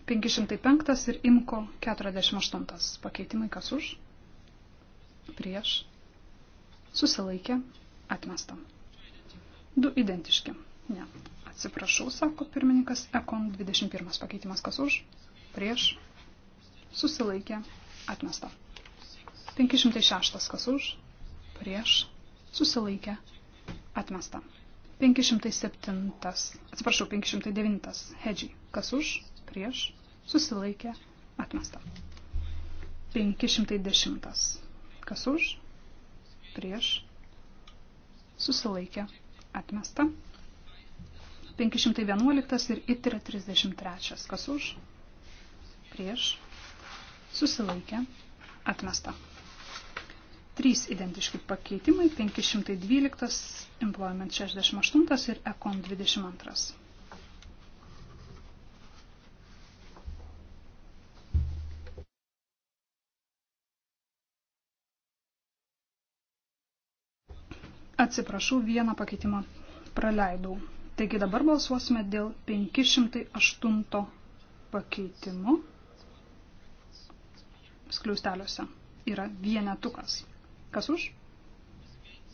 505 ir imko 48 pakeitimai kas už, prieš, susilaikė, atmesta. Du identiški. Ne. Atsiprašau, sako pirmininkas, ekon 21 pakeitimas kas už, prieš, susilaikė, atmesta. 506 kas už, prieš, susilaikė, atmesta. 507, atsiprašau, 509, hedžiai, kas už, prieš, susilaikė, atmesta. 510. Kas už, prieš, susilaikė, atmesta. 511 ir itra 33. Kas už, prieš, susilaikė, atmesta. Trys identiški pakeitimai - 512, Employment 68 ir Econ 22. Atsiprašau, vieną pakeitimą praleidau. Taigi dabar balsuosime dėl 508 pakeitimo. Skliausteliuose yra vienetukas. Kas už?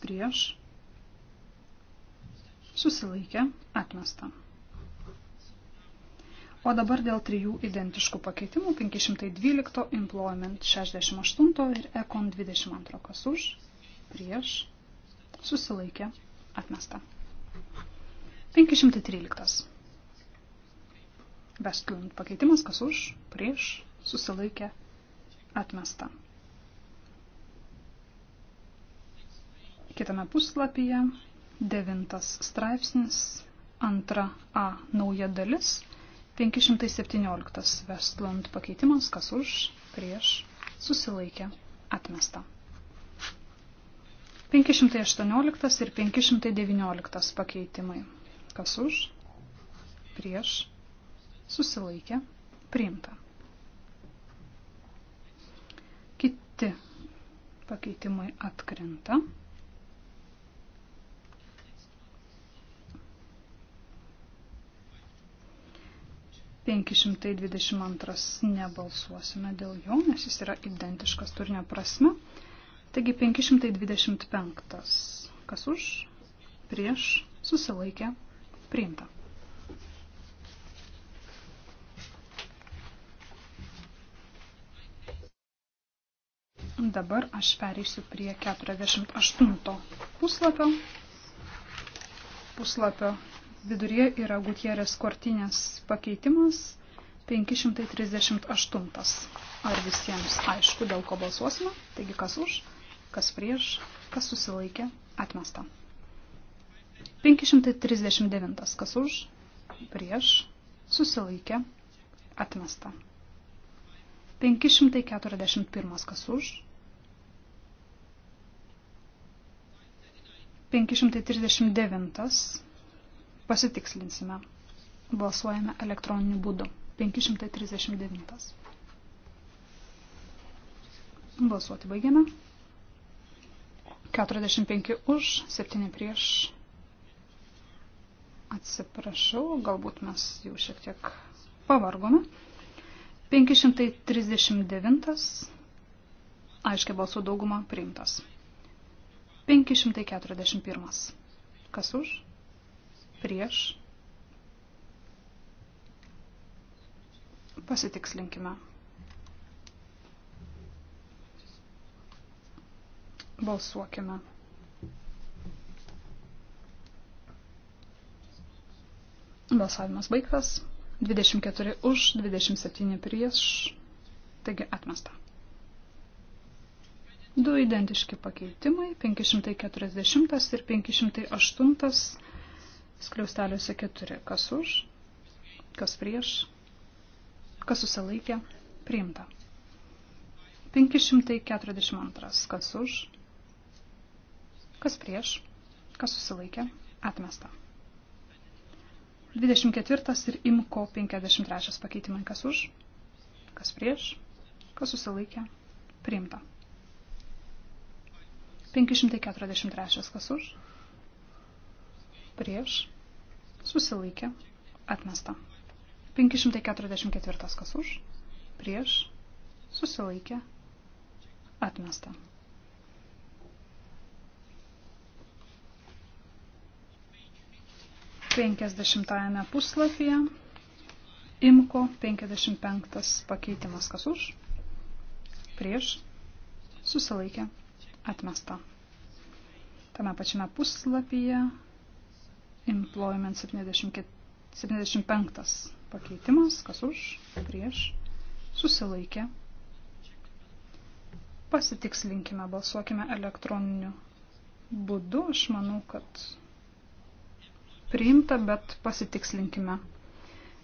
Prieš. Susilaikė. Atmesta. O dabar dėl trijų identiškų pakeitimų 512, Employment 68 ir Econ 22. Kas už? Prieš susilaikė, atmesta. 513. Vestlund pakeitimas, kas už, prieš, susilaikė, atmesta. Kitame puslapyje devintas straipsnis, antra A nauja dalis, 517 Vestlund pakeitimas, kas už, prieš, susilaikė, atmesta. 518 ir 519 pakeitimai. Kas už? Prieš? Susilaikė? Priimta. Kiti pakeitimai atkrenta. Penkišimtai dvidešimt antras nebalsuosime dėl jo, nes jis yra identiškas turinio prasme. 522 Taigi 525. Kas už, prieš, susilaikė, priimta. Dabar aš pereisiu prie 48 puslapio. Puslapio viduryje yra Gutierės kortinės pakeitimas 538. Ar visiems aišku, dėl ko balsuosime? Taigi kas už? kas prieš, kas susilaikė, atmesta. 539, kas už, prieš, susilaikė, atmesta. 541, kas už, 539, pasitikslinsime, balsuojame elektroniniu būdu. 539. Balsuoti baigiame. 45 už, 7 prieš. Atsiprašau, galbūt mes jau šiek tiek pavargome. 539, aiškiai balsų dauguma priimtas. 541. Kas už? Prieš. Pasitikslinkime. Balsuokime. Balsavimas baigtas. 24 už, 27 prieš. Taigi atmesta. Du identiški pakeitimai - 540 ir 508 skliausteliuose 4. Kas už, kas prieš, kas susilaikė, priimta. 542. Kas už, Kas prieš? Kas susilaikė? Atmesta. 24 ir imko 53 pakeitimai. Kas už? Kas prieš? Kas susilaikė? Priimta. 543 kas už? Prieš? Susilaikė? Atmesta. 544 kas už? Prieš? Susilaikė? Atmesta. 50 puslapyje. Imko 55 pakeitimas kas už. Prieš. Susilaikė. Atmesta. Tame pačiame puslapyje Employment 74, 75 pakeitimas kas už. Prieš. Susilaikė. Pasitikslinkime, balsuokime elektroniniu būdu. Aš manau, kad priimta, bet pasitikslinkime.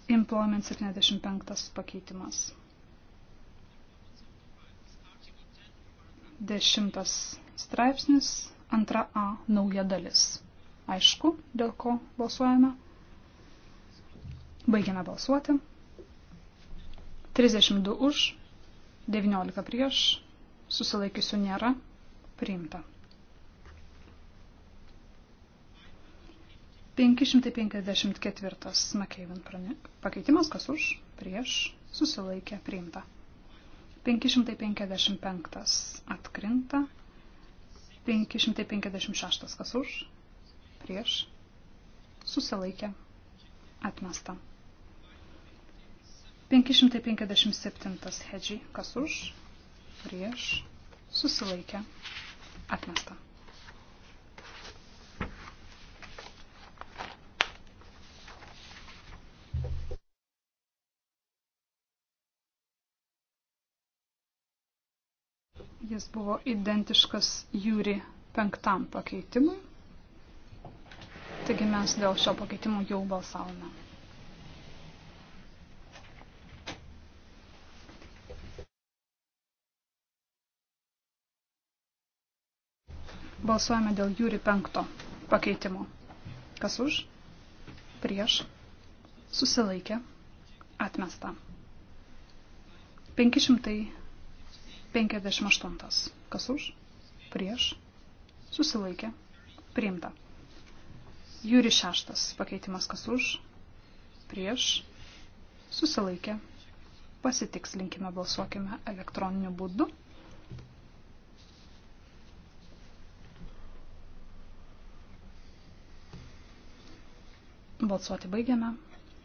Employment 75 pakeitimas. Dešimtas straipsnis, antra A, nauja dalis. Aišku, dėl ko balsuojame. Baigiame balsuoti. 32 už, 19 prieš, susilaikysiu nėra, priimta. 554 McKeivin pakeitimas, kas už, prieš, susilaikė, priimta. 555 atkrinta, 556 kas už, prieš, susilaikė, atmesta. 557 hedžiai, kas už, prieš, susilaikė, atmesta. Jis buvo identiškas jūri penktam pakeitimui. Taigi mes dėl šio pakeitimo jau balsavome. Balsuojame dėl jūri penkto pakeitimo. Kas už? Prieš. Susilaikė. Atmesta. 500 58. Kas už? Prieš. Susilaikė. Priimta. Jūri 6. Pakeitimas kas už? Prieš. Susilaikė. Pasitikslinkime, balsuokime elektroniniu būdu. Balsuoti baigiame.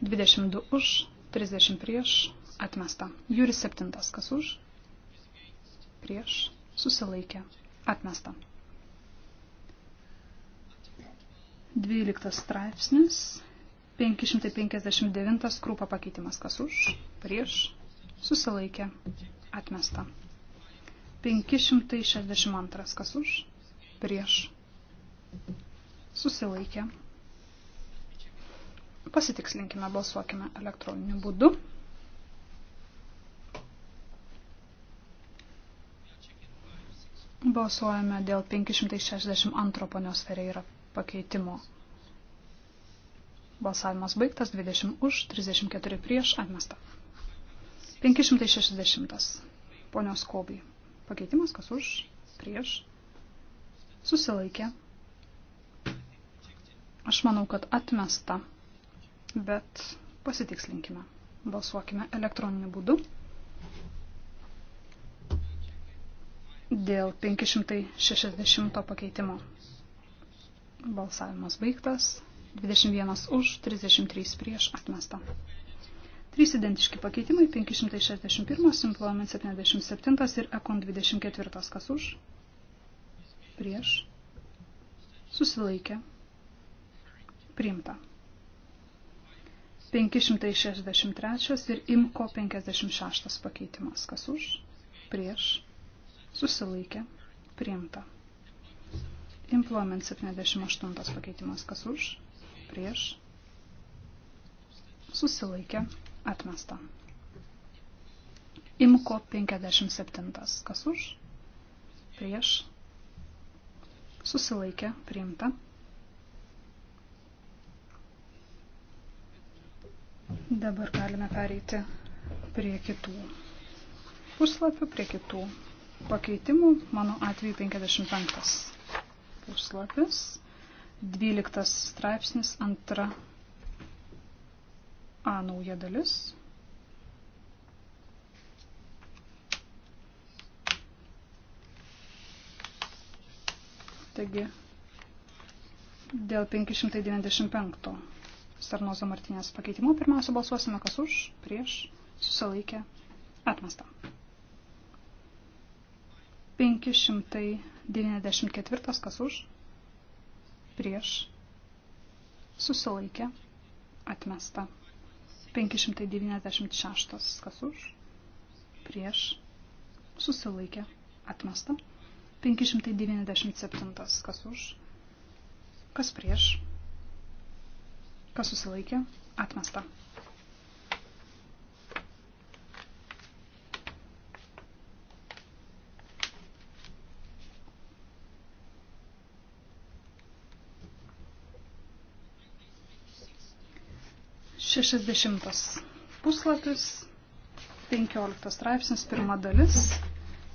22 už, 30 prieš, atmesta. Jūris 7. Kas už? prieš susilaikė atmesta. 12 straipsnis 559 krūpa pakeitimas kas už, prieš susilaikė atmesta. 562 kas už, prieš susilaikė. Pasitikslinkime, balsuokime elektroniniu būdu. Balsuojame dėl 562 ponios Fereira pakeitimo. Balsavimas baigtas 20 už, 34 prieš atmesta. 560. Ponios Kobai. Pakeitimas kas už, prieš. Susilaikė. Aš manau, kad atmesta, bet pasitikslinkime. Balsuokime elektroniniu būdu. dėl 560 pakeitimo. Balsavimas baigtas. 21 už, 33 prieš atmesta. Trys identiški pakeitimai - 561, Employment 77 ir Econ 24. Kas už? Prieš. Susilaikė. Priimta. 563 ir IMCO 56 pakeitimas. Kas už? Prieš susilaikė, priimta. Implement 78 pakeitimas kas už, prieš, susilaikė, atmesta. Imko 57 kas už, prieš, susilaikė, priimta. Dabar galime pereiti prie kitų puslapių, prie kitų pakeitimų, mano atveju 55 puslapis, 12 straipsnis, antra A nauja dalis. Taigi, dėl 595 Sarnozo Martinės pakeitimų pirmiausia balsuosime, kas už, prieš, susilaikė, atmesta. 594 kas už, prieš, susilaikė, atmesta. 596 kas už, prieš, susilaikė, atmesta. 597 kas už, kas prieš, kas susilaikė, atmesta. 60 puslapis, 15 straipsnis, pirma dalis.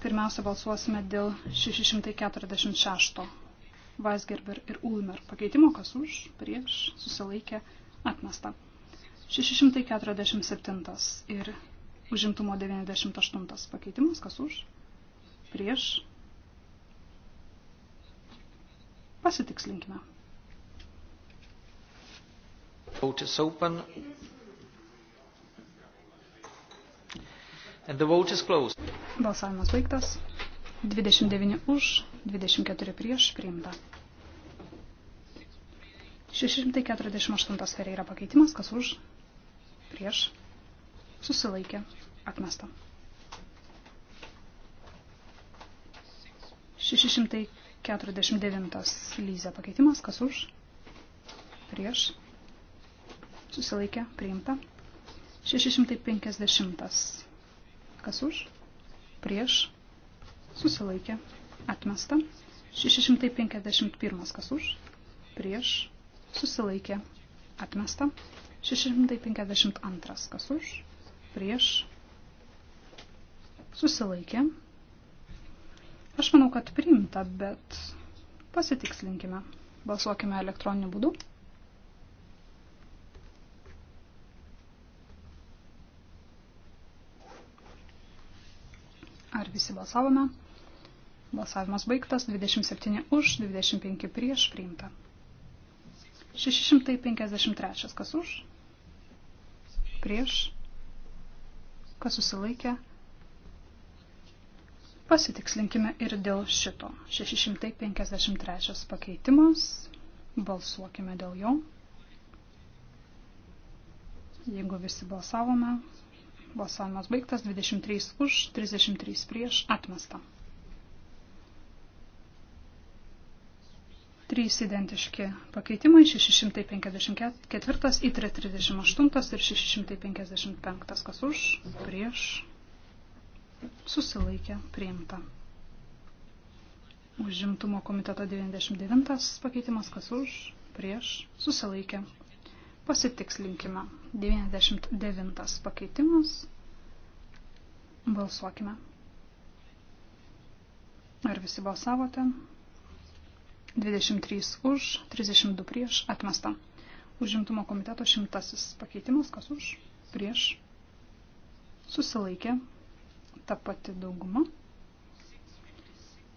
Pirmiausia, balsuosime dėl 646 Weisgerber ir Ulmer pakeitimo, kas už, prieš, susilaikė, atmesta. 647 ir užimtumo 98 pakeitimas, kas už, prieš. Pasitikslinkime. Vote is open. And the vote is closed. Balsavimas baigtas. 29 už, 24 prieš priimta. 648 sferė yra pakeitimas, kas už, prieš, susilaikė, atmesta. 649 lyzė pakeitimas, kas už, prieš, susilaikė priimta. 650. Kas už? Prieš susilaikė atmesta. 651. Kas už? Prieš susilaikė atmesta. 652. Kas už? Prieš susilaikė. Aš manau, kad priimta, bet pasitikslinkime. Balsuokime elektroniniu būdu. Ar visi balsavome? Balsavimas baigtas. 27 už, 25 prieš priimta. 653. Kas už? Prieš. Kas susilaikė? Pasitikslinkime ir dėl šito. 653 pakeitimas. Balsuokime dėl jo. Jeigu visi balsavome, Balsavimas baigtas. 23 už, 33 prieš. Atmesta. 3 identiški pakeitimai 654, ITRE 38 ir 655. Kas už, prieš, susilaikė, priimta. Užimtumo komiteto 99 pakeitimas, kas už, prieš, susilaikė, Pasitikslinkime. 99 pakeitimas. Balsuokime. Ar visi balsavote? 23 už, 32 prieš, atmesta. Užimtumo komiteto šimtasis pakeitimas, kas už, prieš, susilaikė, ta pati dauguma.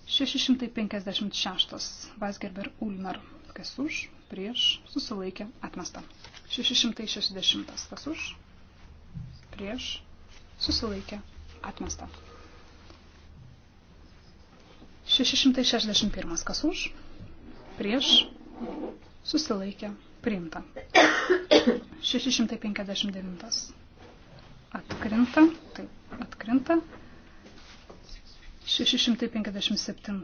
656 Vasgerber Ulmer, kas už, prieš, susilaikė, atmesta. 660. Kas už? Prieš. Susilaikė. Atmesta. 661. Kas už? Prieš. Susilaikė. Priimta. 659. Atkrinta. Taip, atkrinta. 657.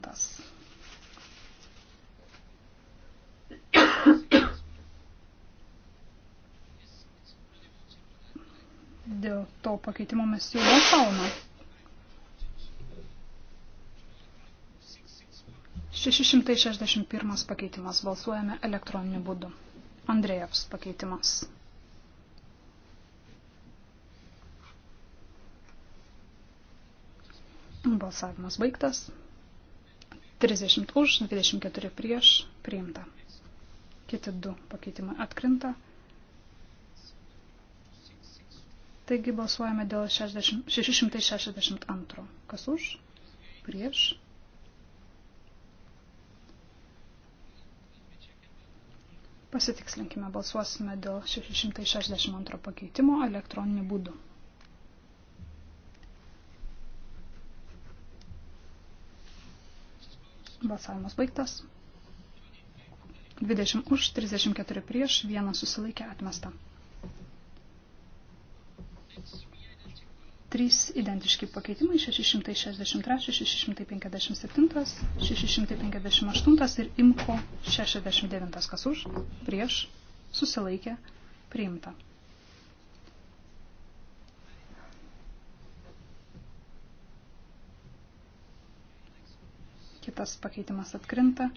dėl to pakeitimo mes jau balsavome. 661 pakeitimas balsuojame elektroniniu būdu. Andrėjevs pakeitimas. Balsavimas baigtas. 30 už, 24 prieš, priimta. Kiti du pakeitimai atkrinta. Taigi balsuojame dėl 60, 662. Kas už? Prieš? Pasitikslinkime, balsuosime dėl 662 pakeitimo elektroniniu būdu. Balsavimas baigtas. 20 už, 34 prieš, vienas susilaikė atmestą. Trys identiški pakeitimai 663, 657, 658 ir IMKO 69. Kas už, prieš, susilaikė, priimta. Kitas pakeitimas atkrinta.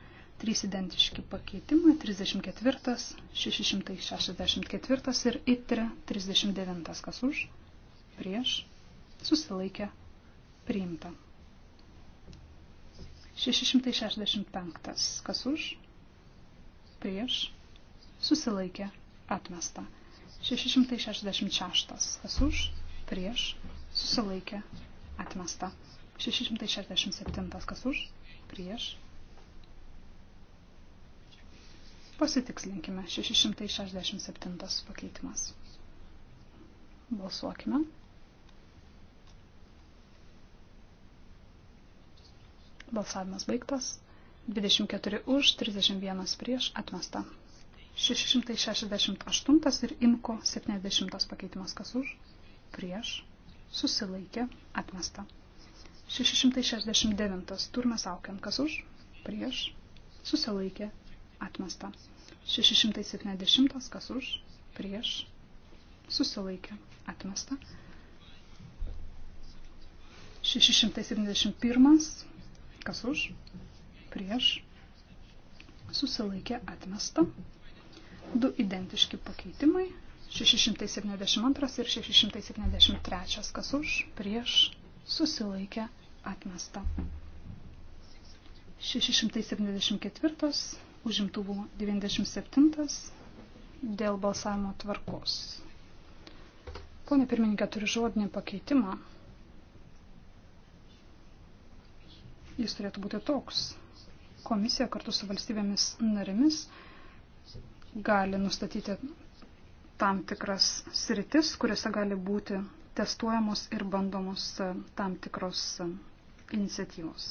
Trys identiški pakeitimai 34, 664 ir ITRE 39. Kas už, prieš, susilaikė priimta. 665. Kas už? Prieš. Susilaikė. Atmesta. 666. Kas už? Prieš. Susilaikė. Atmesta. 667. Kas už? Prieš. Pasitikslinkime. 667 pakeitimas. Balsuokime. Balsavimas baigtas. 24 už, 31 prieš atmesta. 668 ir imko 70 pakeitimas kas už, prieš, susilaikė, atmesta. 669 turmes aukiant kas už, prieš, susilaikė, atmesta. 670 kas už, prieš, susilaikė, atmesta. 671 Kas už? Prieš. Susilaikė atmesta. Du identiški pakeitimai. 672 ir 673. Kas už? Prieš. Susilaikė atmesta. 674. Užimtuvų 97. Dėl balsavimo tvarkos. Pone pirmininkė, turi žodinį pakeitimą. jis turėtų būti toks. Komisija kartu su valstybėmis narėmis gali nustatyti tam tikras sritis, kuriuose gali būti testuojamos ir bandomos e, tam tikros e, iniciatyvos.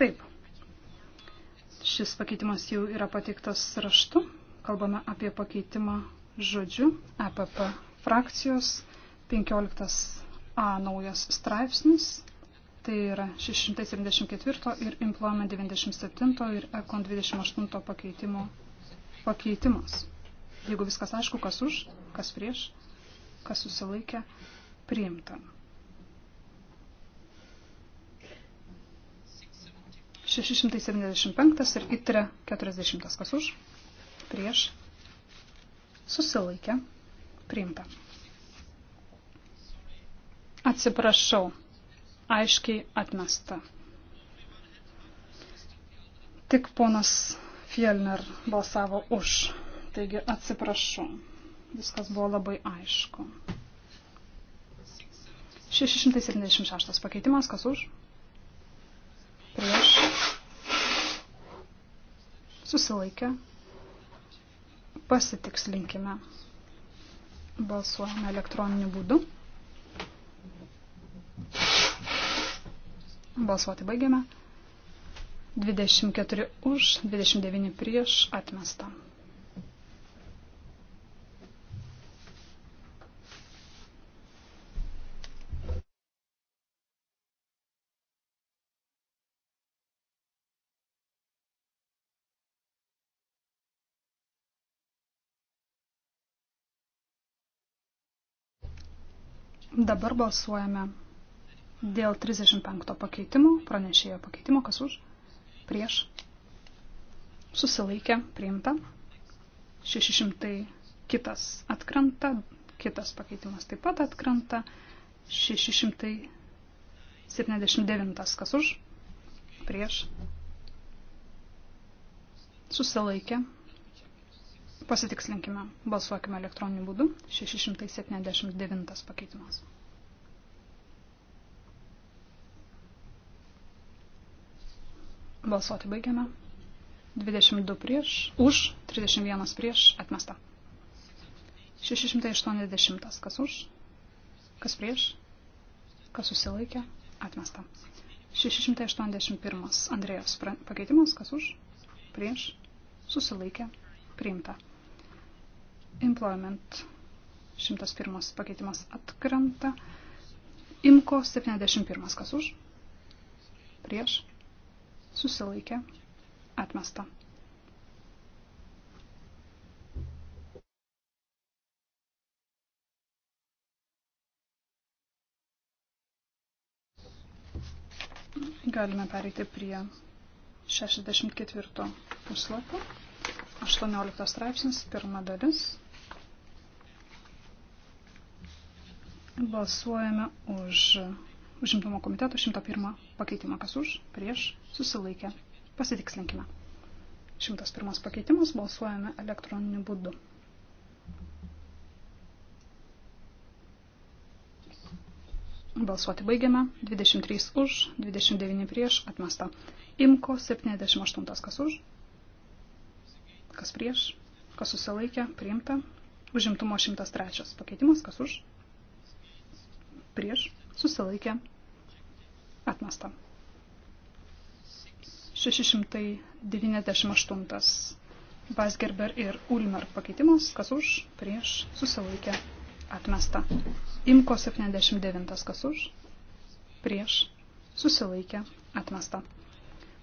Taip. Šis pakeitimas jau yra pateiktas raštu. Kalbame apie pakeitimą žodžiu EPP frakcijos 15 A naujas straipsnis, tai yra 674 ir Employment 97 ir Econ 28 pakeitimo pakeitimas. Jeigu viskas aišku, kas už, kas prieš, kas susilaikė, priimta. 675 ir itre 40 kas už, prieš, susilaikė, priimta. Atsiprašau, aiškiai atmesta. Tik ponas Fielner balsavo už. Taigi atsiprašau. Viskas buvo labai aišku. 676 pakeitimas, kas už? Prieš. Susilaikę. Pasitikslinkime. Balsuojame elektroniniu būdu. Balsuoti baigiame. 24 už, 29 prieš atmestą. Dabar balsuojame Dėl 35 pakeitimo, pranešėjo pakeitimo, kas už, prieš, susilaikė, priimta. 600 kitas atkrenta, kitas pakeitimas taip pat atkrenta. 679 kas už, prieš, susilaikė. Pasitikslinkime, balsuokime elektroniniu būdu. 679 pakeitimas. Balsuoti baigiame. 22 prieš, už, 31 prieš, atmesta. 680 kas už, kas prieš, kas susilaikė, atmesta. 681 Andrėjos pakeitimas, kas už, prieš, susilaikė, priimta. Employment 101 pakeitimas atkrenta. Imko 71 kas už, prieš, susilaikė, atmesta. Galime pereiti prie 64 puslapio, 18 straipsnis, pirma dalis. Balsuojame už užimtumo komiteto 101 pakeitimą. Kas už, prieš, susilaikė. Pasitikslinkime. 101 pakeitimas balsuojame elektroniniu būdu. Balsuoti baigiame. 23 už, 29 prieš, atmesta. Imko 78 kas už, kas prieš, kas susilaikė, priimta. Užimtumo 103 pakeitimas, kas už, prieš, susilaikė, atmesta. 698. Weisgerber ir Ulmer pakeitimas, kas už, prieš, susilaikė, atmesta. Imko 79, kas už, prieš, susilaikė, atmesta.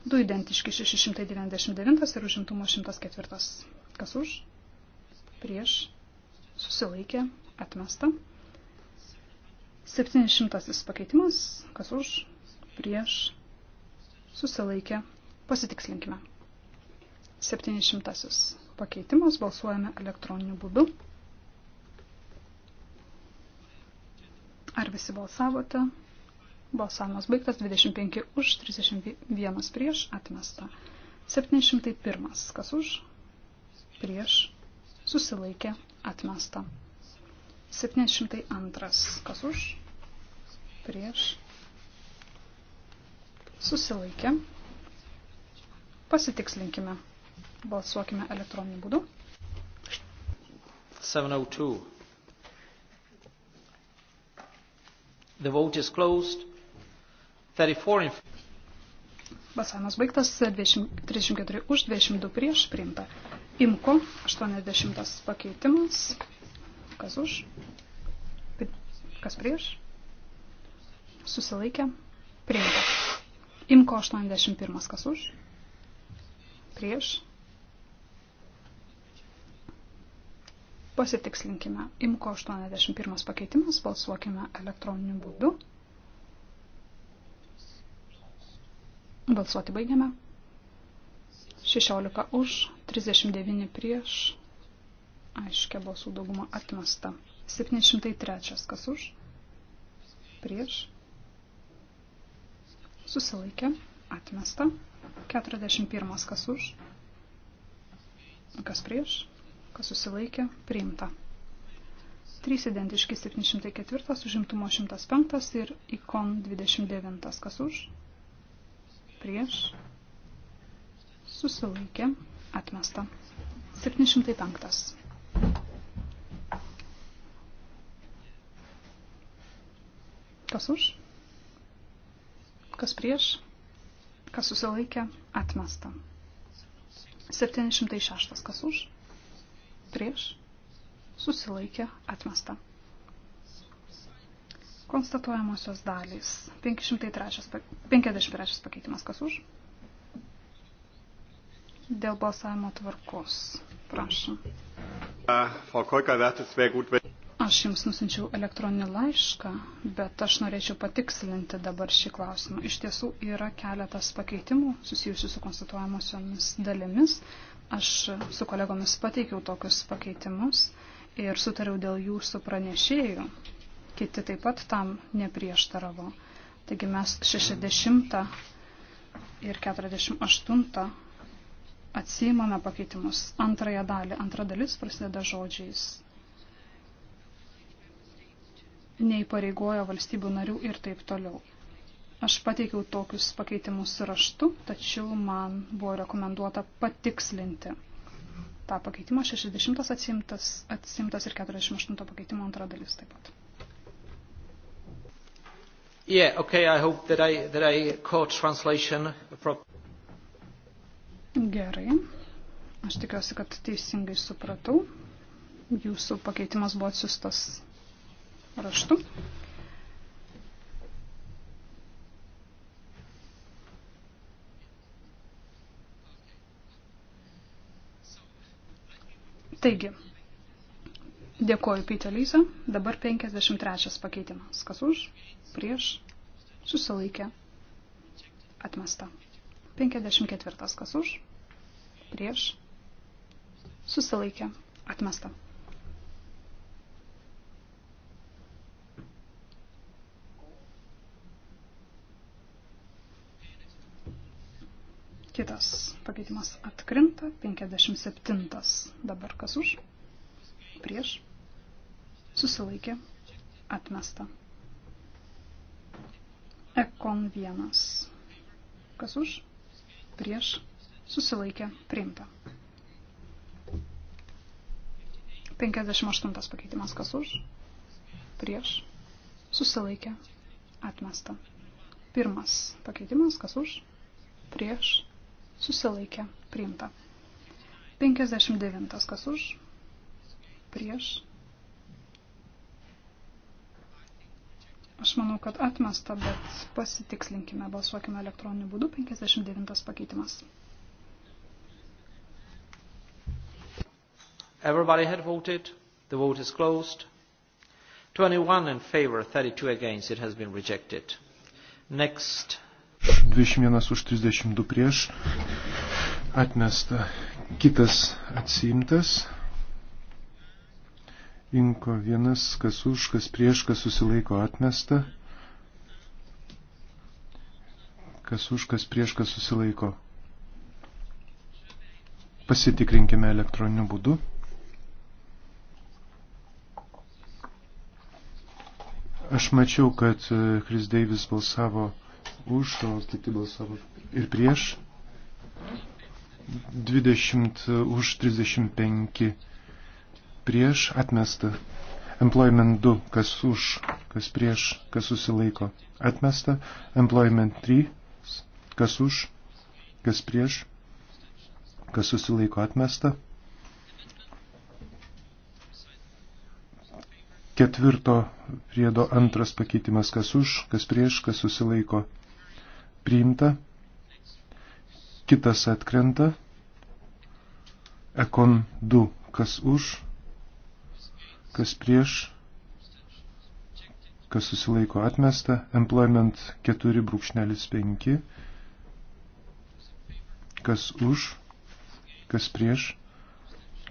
Du identiški 699 ir užimtumo 104, kas už, prieš, susilaikė, atmesta. 700 pakeitimas, kas už, prieš, susilaikė, pasitikslinkime. 700 pakeitimas, balsuojame elektroniniu būdu. Ar visi balsavote? Balsavimas baigtas 25 už, 31 prieš, atmesta. 701, kas už, prieš, susilaikė, atmesta. 702. Kas už? Prieš. Susilaikė. Pasitikslinkime. Balsuokime elektroniniu būdu. 702. The vote is closed. 34 in Balsavimas baigtas 20, 34 už, 22 prieš priimta. Imko 80 pakeitimas. Kas už? Kas prieš? Susilaikė. Priimta. Imko 81. Kas už? Prieš. Pasitikslinkime. Imko 81 pakeitimas. Balsuokime elektroniniu būdu. Balsuoti baigiame. 16 už, 39 prieš, aiškia balsų dauguma atmesta. 703. Kas už? Prieš. Susilaikė. Atmesta. 41. Kas už? Kas prieš? Kas susilaikė? Priimta. 3 identiški 704, užimtumo 105 ir ikon 29. Kas už? Prieš. Susilaikė. Atmesta. 705. Kas už? Kas prieš? Kas susilaikė? Atmesta. 706. Kas už? Prieš? Susilaikė? Atmesta. Konstatuojamosios dalys. 503, 53 pakeitimas. Kas už? Dėl balsavimo tvarkos. Prašom. Frau Kolka, wäre gut, wenn... Aš jums nusinčiau elektroninį laišką, bet aš norėčiau patikslinti dabar šį klausimą. Iš tiesų yra keletas pakeitimų susijusių su konstatuojamosiomis dalimis. Aš su kolegomis pateikiau tokius pakeitimus ir sutariau dėl jų su pranešėju. Kiti taip pat tam neprieštaravo. Taigi mes 60 ir 48 atsijimame pakeitimus. Antrąją dalį, antra dalis prasideda žodžiais neįpareigoja valstybių narių ir taip toliau. Aš pateikiau tokius pakeitimus raštu, tačiau man buvo rekomenduota patikslinti tą pakeitimą 60 atsimtas, atsimtas ir 48 pakeitimo antra dalis taip pat. Yeah, okay, I hope that I, that I caught translation. Gerai. Aš tikiuosi, kad teisingai supratau. Jūsų pakeitimas buvo atsiustas raštu. Taigi, dėkoju Pytė Lysa, dabar 53 pakeitimas. Kas už, prieš, susilaikė, atmesta. 54 kas už, prieš, susilaikė, atmesta. Kitas pakeitimas atkrinta, 57 dabar kas už, prieš, susilaikė, atmesta. Ekon 1, kas už, prieš, susilaikė, priimta. 58 pakeitimas kas už, prieš, susilaikė, atmesta. Pirmas pakeitimas kas už, prieš, susilaikė priimta. 59 kas už, prieš. Aš manau, kad atmesta, bet pasitikslinkime, balsuokime elektroniniu būdu. 59 pakeitimas. Everybody had voted. The vote is closed. 21 in favor, 32 against. It has been rejected. Next, 21 už 32 prieš. Atmesta. Kitas atsimtas. Inko vienas, kas už, kas prieš, kas susilaiko atmesta. Kas už, kas prieš, kas susilaiko. Pasitikrinkime elektroniniu būdu. Aš mačiau, kad Kris e, Deivis balsavo už, Tomas tik balsavo ir prieš. 20 už 35 prieš atmesta. Employment 2, kas už, kas prieš, kas susilaiko. Atmesta. Employment 3, kas už, kas prieš, kas susilaiko. Atmesta. Ketvirto priedo antras pakeitimas, kas už, kas prieš, kas susilaiko priimta, kitas atkrenta, ekon 2, kas už, kas prieš, kas susilaiko atmesta, employment 4.5, kas už, kas prieš,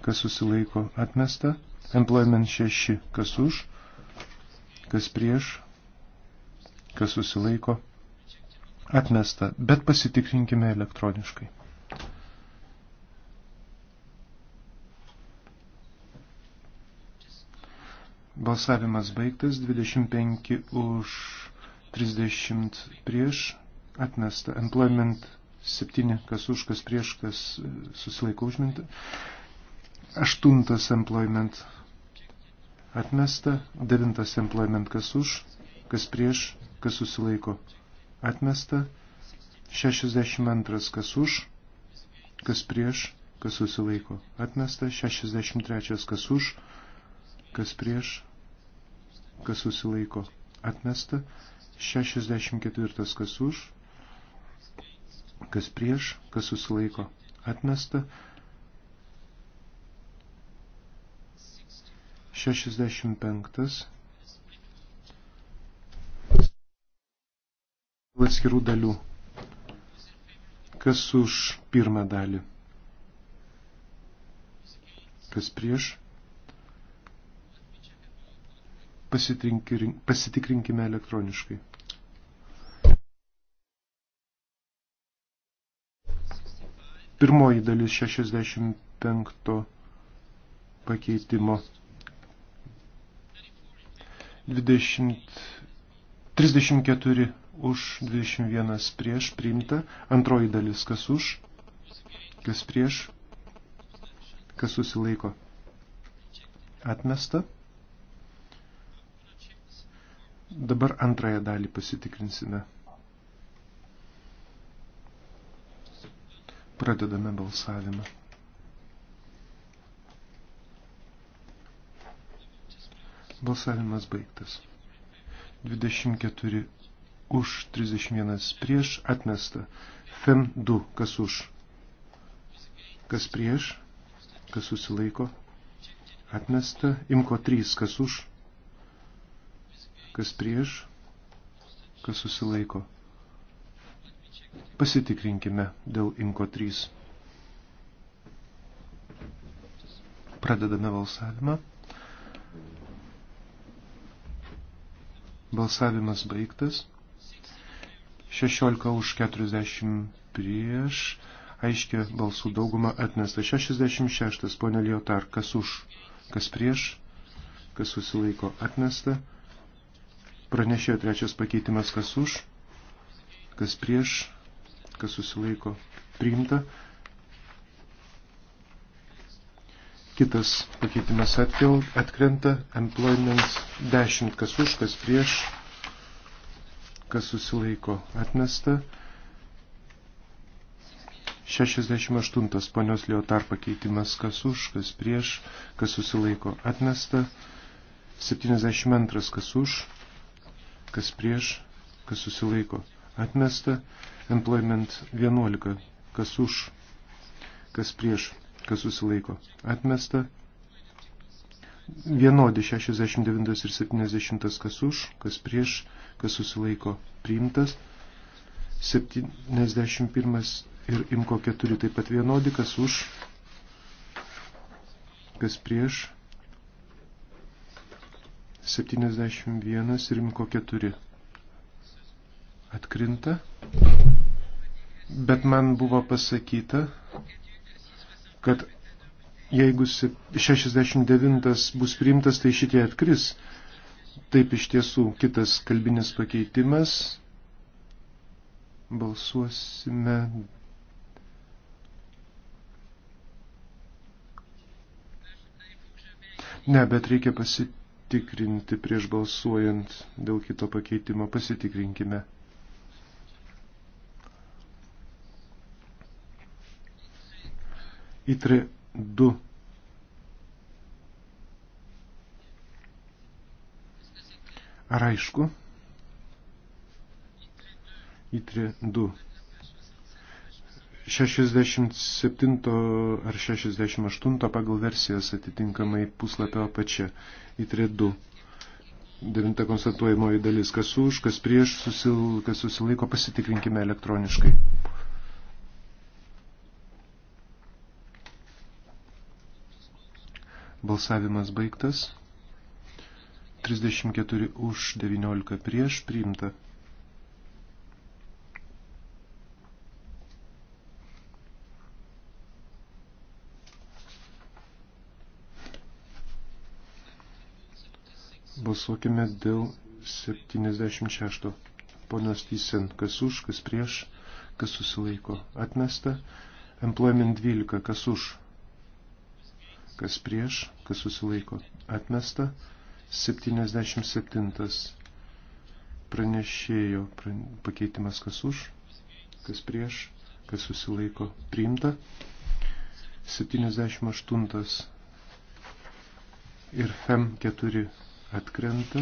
kas susilaiko atmesta, employment 6, kas už, kas prieš, kas susilaiko atmesta Atmesta, bet pasitikrinkime elektroniškai. Balsavimas baigtas, 25 už 30 prieš, atmesta, employment 7, kas už, kas prieš, kas susilaiko užminti. Aštuntas employment atmesta, devintas employment kas už, kas prieš, kas susilaiko atmesta, 62 kas už, kas prieš, kas susilaiko, atmesta, 63 kas už, kas prieš, kas susilaiko, atmesta, 64 kas už, kas prieš, kas susilaiko, atmesta, 65 atskirų dalių. Kas už pirmą dalį? Kas prieš? Pasitikrinkime elektroniškai. Pirmoji dalis 65 pakeitimo. 20, 34 už, 21 prieš, priimta. Antroji dalis, kas už, kas prieš, kas susilaiko. Atmesta. Dabar antrąją dalį pasitikrinsime. Pradedame balsavimą. Balsavimas baigtas. 24 už, 31 prieš, atmesta. FEM 2, kas už, kas prieš, kas susilaiko, atmesta. IMKO 3, kas už, kas prieš, kas susilaiko. Pasitikrinkime dėl IMKO 3. Pradedame balsavimą. Balsavimas baigtas. 16 už 40 prieš, aiškia balsų dauguma atmesta. 66, ponė Liotar, kas už, kas prieš, kas susilaiko atmesta. Pranešėjo trečias pakeitimas, kas už, kas prieš, kas susilaiko priimta. Kitas pakeitimas atkel, atkrenta, employment 10, kas už, kas prieš, kas susilaiko atmesta. 68 ponios Liotar pakeitimas, kas už, kas prieš, kas susilaiko atmesta. 72 kas už, kas prieš, kas susilaiko atmesta. Employment 11 kas už, kas prieš, kas susilaiko atmesta. Vienodi 69 ir 70 kas už, kas prieš, kas susilaiko priimtas. 71 ir imko 4 taip pat vienodi, kas už, kas prieš. 71 ir imko 4 atkrinta. Bet man buvo pasakyta, kad jeigu 69 bus priimtas, tai šitie atkris. Taip iš tiesų kitas kalbinis pakeitimas. Balsuosime. Ne, bet reikia pasitikrinti prieš balsuojant dėl kito pakeitimo. Pasitikrinkime. Įtri 2. Ar aišku? Įtri 2. 67 ar 68 pagal versijas atitinkamai puslapio apačia. Įtri 2. Devinta konstatuojamoji dalis. Kas už, kas prieš, susil, kas susilaiko, pasitikrinkime elektroniškai. Balsavimas baigtas. 34 už 19 prieš priimta. Balsuokime dėl 76. Ponios Tysen, kas už, kas prieš, kas susilaiko. Atmesta. Employment 12, kas už, kas prieš, kas susilaiko atmesta. 77 pranešėjo pakeitimas, kas už, kas prieš, kas susilaiko priimta. 78 ir FEM 4 atkrenta.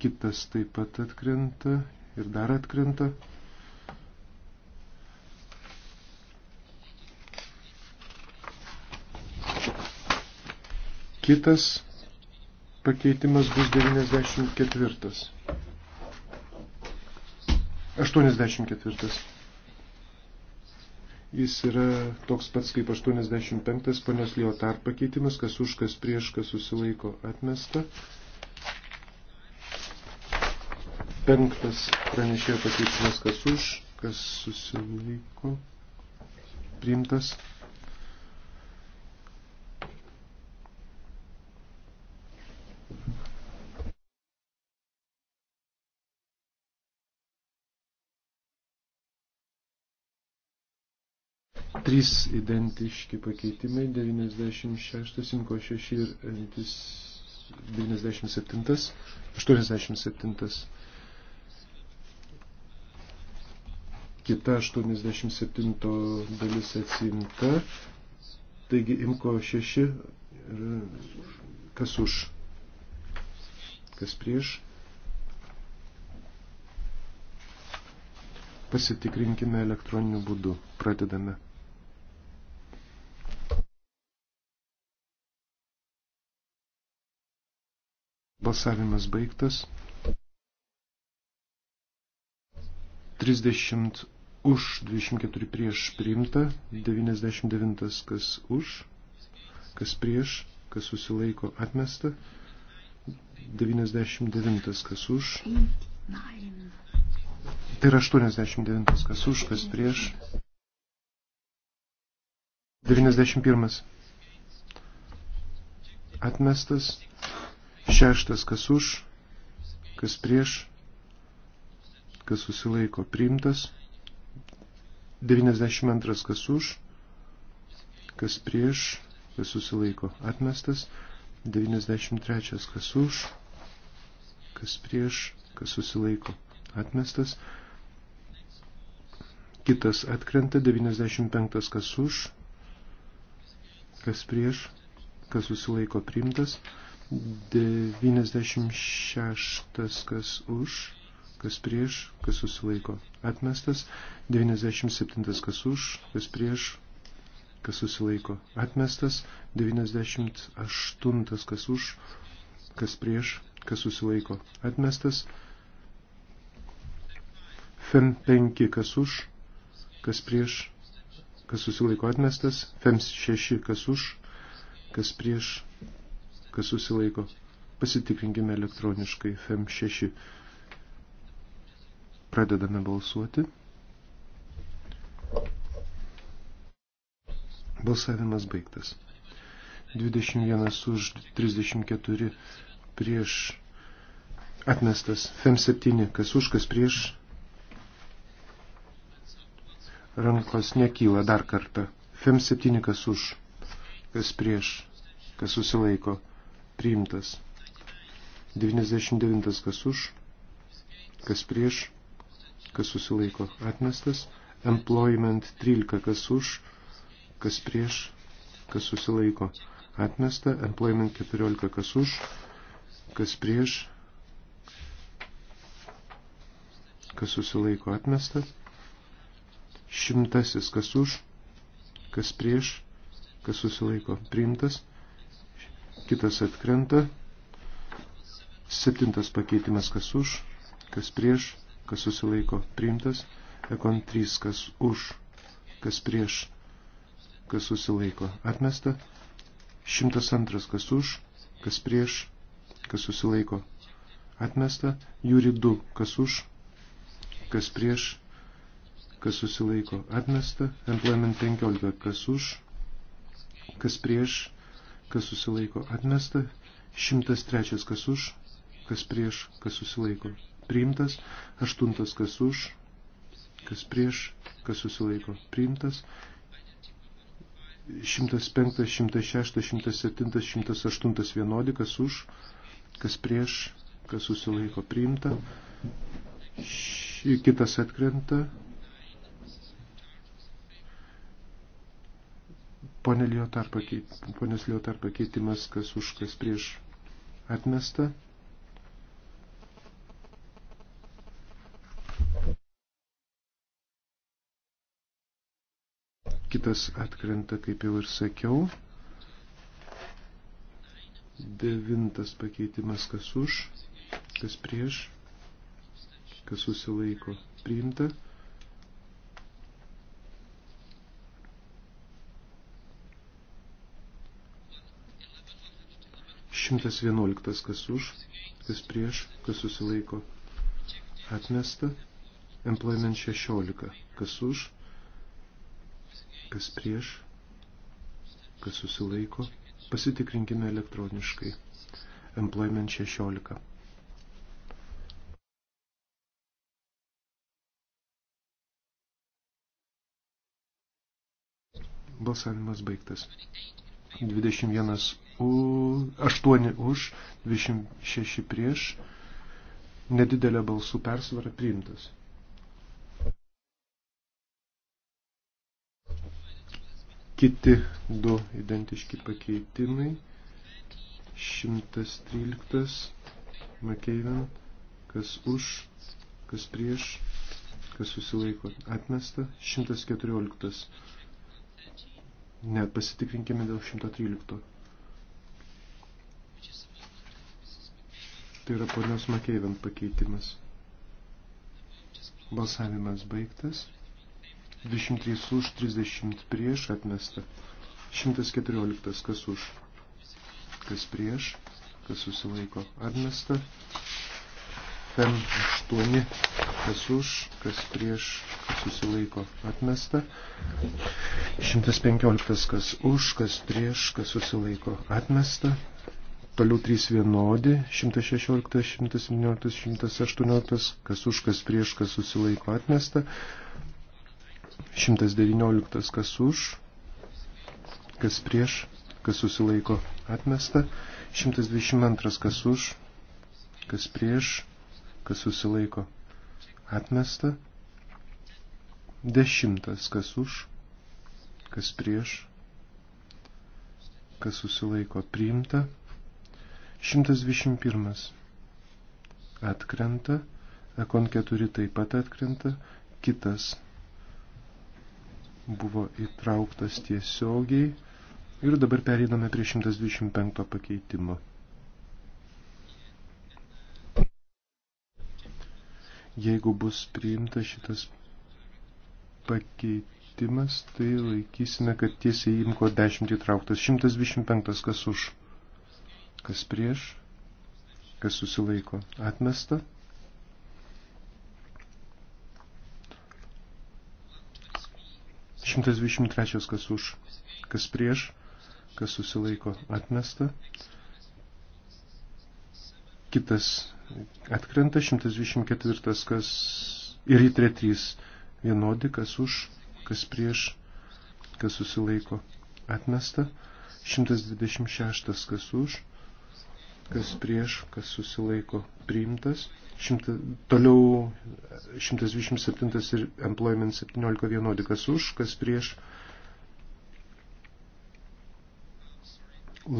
Kitas taip pat atkrenta ir dar atkrenta. Kitas pakeitimas bus 94. 84. Jis yra toks pats kaip 85. Ponios Liotar pakeitimas, kas už, kas prieš, kas susilaiko atmesta. Penktas pranešėjo pakeitimas, kas už, kas susilaiko priimtas. Trys identiški pakeitimai 96, 56 ir 97, 87. Kita 87 dalis atsimta. Taigi imko 6 ir kas už, kas prieš. Pasitikrinkime elektroniniu būdu. Pradedame. Balsavimas baigtas. 30 už, 24 prieš priimta, 99 kas už, kas prieš, kas susilaiko atmesta, 99 kas už. Tai yra 89 kas už, kas prieš. 91 atmestas, Šeštas, kas už, kas prieš, kas susilaiko priimtas. 92, kas už, kas prieš, kas susilaiko atmestas. 93, kas už, kas prieš, kas susilaiko atmestas. Kitas atkrenta, 95, kas už, kas prieš, kas susilaiko priimtas. 96 kas už, kas prieš, kas susilaiko. Atmestas. 97 kas už, kas prieš, kas susilaiko. Atmestas. 98 kas už, kas prieš, kas susilaiko. Atmestas. Fem 5 kas už, kas prieš, kas susilaiko atmestas, FEMS 6, kas už, kas prieš, kas susilaiko. Pasitikrinkime elektroniškai FEM6. Pradedame balsuoti. Balsavimas baigtas. 21 už 34 prieš atmestas. FEM7, kas už, kas prieš. Rankos nekyla dar kartą. FEM7, kas už, kas prieš, kas susilaiko priimtas. 99 kas už, kas prieš, kas susilaiko atmestas. Employment 13 kas už, kas prieš, kas susilaiko atmesta. Employment 14 kas už, kas prieš, kas susilaiko atmesta. Šimtasis kas už, kas prieš, kas susilaiko priimtas kitas atkrenta. Septintas pakeitimas kas už, kas prieš, kas susilaiko priimtas. Ekon 3 kas už, kas prieš, kas susilaiko atmesta. Šimtas antras kas už, kas prieš, kas susilaiko atmesta. Jūri 2 kas už, kas prieš, kas susilaiko atmesta. Employment 15 kas už, kas prieš, kas susilaiko atmesta, 103 kas už, kas prieš, kas susilaiko priimtas, 8 kas už, kas prieš, kas susilaiko priimtas, 105, 106, 107, 108 vienodi, kas už, kas prieš, kas susilaiko priimta, kitas atkrenta, Ponės Liotar pakeitimas, kas už, kas prieš atmesta. Kitas atkrenta, kaip jau ir sakiau. Devintas pakeitimas, kas už, kas prieš, kas susilaiko priimta. 111 kas už, kas prieš, kas susilaiko atmesta. Employment 16 kas už, kas prieš, kas susilaiko. Pasitikrinkime elektroniškai. Employment 16. Balsavimas baigtas. 21 u, 8 už, 26 prieš, nedidelė balsų persvara priimtas. Kiti du identiški pakeitimai. 113 Makeiven, kas už, kas prieš, kas susilaiko atmesta. 114 Net pasitikrinkime dėl 113. Tai yra ponios Makeivant pakeitimas. Balsavimas baigtas. 23 už, 30 prieš atmesta. 114 kas už, kas prieš, kas susilaiko atmesta. 58 kas už, kas prieš, kas susilaiko atmesta. 115 kas už, kas prieš, kas susilaiko atmesta. Toliau 3 vienodi, 116, 117, 118, kas už, kas prieš, kas susilaiko atmesta. 119 kas už, kas prieš, kas susilaiko atmesta, 122 kas už, kas prieš, kas susilaiko Atmesta. Dešimtas, kas už, kas prieš, kas susilaiko priimta. 121. Atkrenta. Ekon 4 taip pat atkrenta. Kitas buvo įtrauktas tiesiogiai. Ir dabar pereiname prie 125 pakeitimo. Jeigu bus priimta šitas pakeitimas, tai laikysime, kad tiesiai įimko 10 įtrauktas. 125 kas už, kas prieš, kas susilaiko. Atmesta. Šimtas dvidešimt trečias kas už, kas prieš, kas susilaiko atmesta. Kitas Atkrenta 124, kas ir į 3 vienodi, kas už, kas prieš, kas susilaiko. Atmesta 126, kas už, kas prieš, kas susilaiko. Priimtas. Šimta, toliau 127 ir employment 17 vienodi, kas už, kas prieš.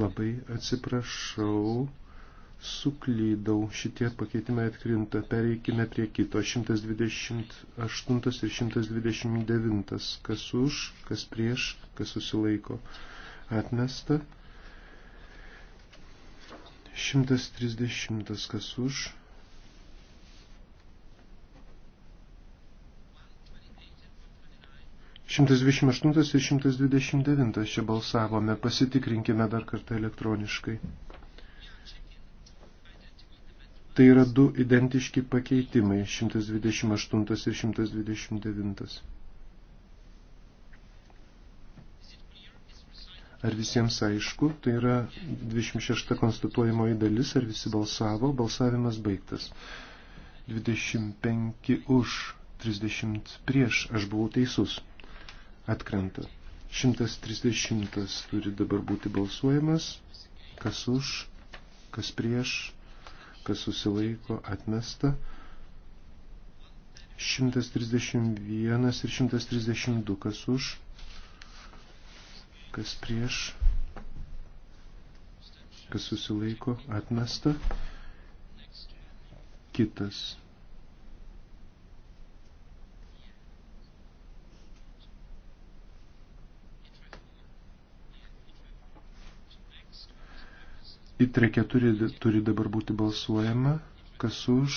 Labai atsiprašau suklydau, šitie pakeitimai atkrinta, pereikime prie kito, 128 ir 129, kas už, kas prieš, kas susilaiko, atmesta, 130, kas už, 128 ir 129 čia balsavome, pasitikrinkime dar kartą elektroniškai. Tai yra du identiški pakeitimai 128 ir 129. Ar visiems aišku, tai yra 26 konstatuojamoji dalis, ar visi balsavo, balsavimas baigtas. 25 už, 30 prieš, aš buvau teisus. Atkrenta. 130 turi dabar būti balsuojamas, kas už, kas prieš, kas susilaiko atmesta. 131 ir 132 kas už, kas prieš, kas susilaiko atmesta. Kitas Įtre 4 turi dabar būti balsuojama, kas už,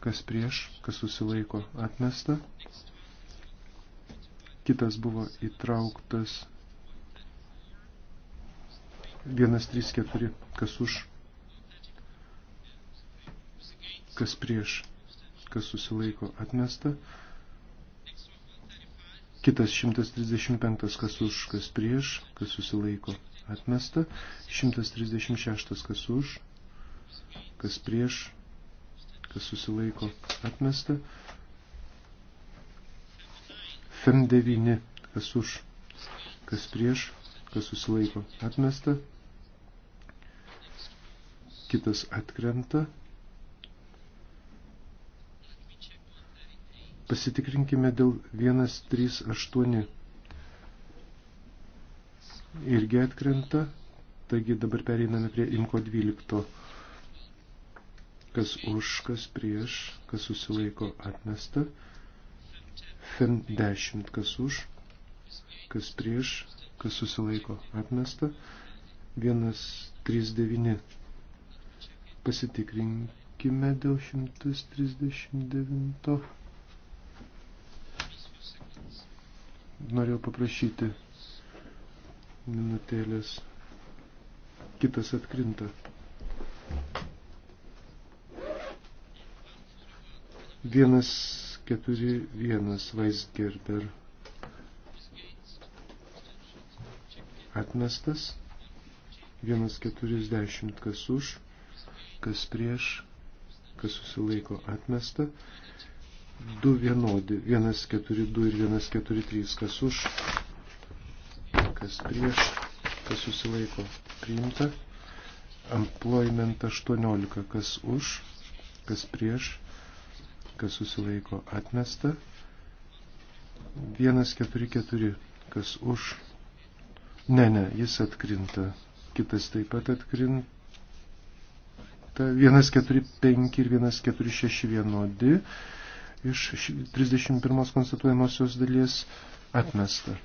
kas prieš, kas susilaiko atmesta. Kitas buvo įtrauktas 134, kas už, kas prieš, kas susilaiko atmesta. Kitas 135, kas už, kas prieš, kas susilaiko atmesta. 136 kas už, kas prieš, kas susilaiko atmesta. FEM 9 kas už, kas prieš, kas susilaiko atmesta. Kitas atkrenta. Pasitikrinkime dėl 138 irgi atkrenta. Taigi dabar pereiname prie imko 12. Kas už, kas prieš, kas susilaiko atmesta. Fem 10. Kas už, kas prieš, kas susilaiko atmesta. 139. Pasitikrinkime dėl 139. Norėjau paprašyti minutėlės, kitas atkrinta. Vienas, keturi, vienas Weisgerber atmestas, vienas keturisdešimt kas už, kas prieš, kas susilaiko atmesta, du vienodi, vienas keturi du ir vienas keturi trys kas už, kas prieš, kas susilaiko priimta. Employment 18, kas už, kas prieš, kas susilaiko atmesta. 144, kas už. Ne, ne, jis atkrinta. Kitas taip pat atkrinta. 145 ir 146 vienodi iš 31 konstatuojamosios dalies atmesta.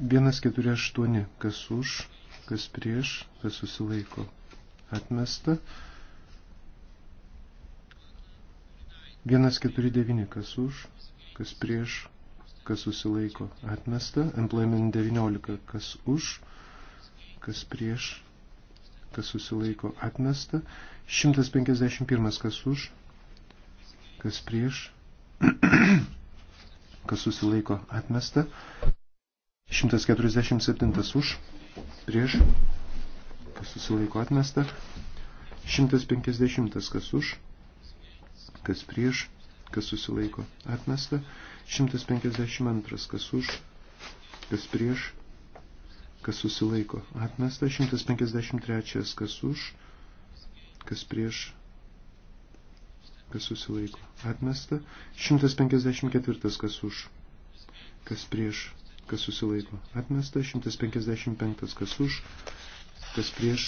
148. Kas už, kas prieš, kas susilaiko. Atmesta. 149. Kas už, kas prieš, kas susilaiko. Atmesta. Employment 19. Kas už, kas prieš, kas susilaiko. Atmesta. 151. Kas už, kas prieš, kas susilaiko. Atmesta. 147 už, prieš, kas susilaiko atmesta. 150 kas už, kas prieš, kas susilaiko atmesta. 152 kas už, kas prieš, kas susilaiko atmesta. 153 kas už, kas prieš, kas susilaiko atmesta. 154 kas už, kas prieš, kas susilaiko. Atmesta 155, kas už, kas prieš,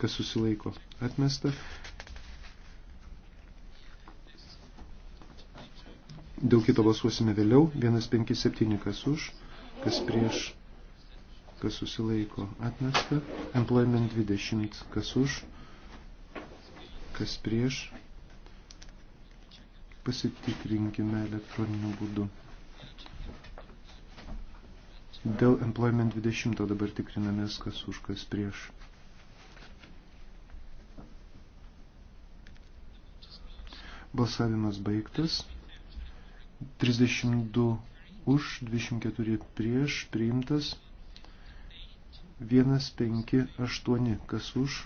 kas susilaiko. Atmesta. Dėl kito balsuosime vėliau. 157, kas už, kas prieš, kas susilaiko. Atmesta. Employment 20, kas už, kas prieš. Pasitikrinkime elektroniniu būdu. Dėl Employment 20 dabar tikrinamės, kas už kas prieš. Balsavimas baigtas. 32 už, 24 prieš, priimtas. 1, 5, 8, kas už,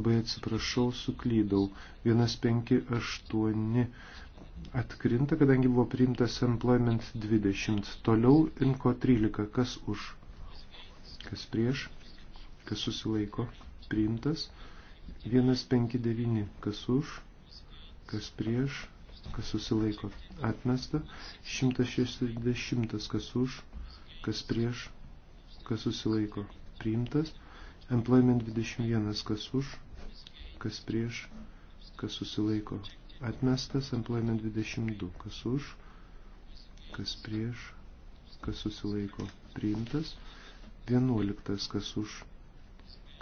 Labai atsiprašau, suklydau. 158 atkrinta, kadangi buvo priimtas Employment 20. Toliau Inko 13. Kas už? Kas prieš? Kas susilaiko? Priimtas. 159. Kas už? Kas prieš? Kas susilaiko? Atmesta. 160. Kas už? Kas prieš? Kas susilaiko? Priimtas. Employment 21. Kas už? kas prieš, kas susilaiko. Atmestas employment 22, kas už, kas prieš, kas susilaiko. Priimtas 11, kas už,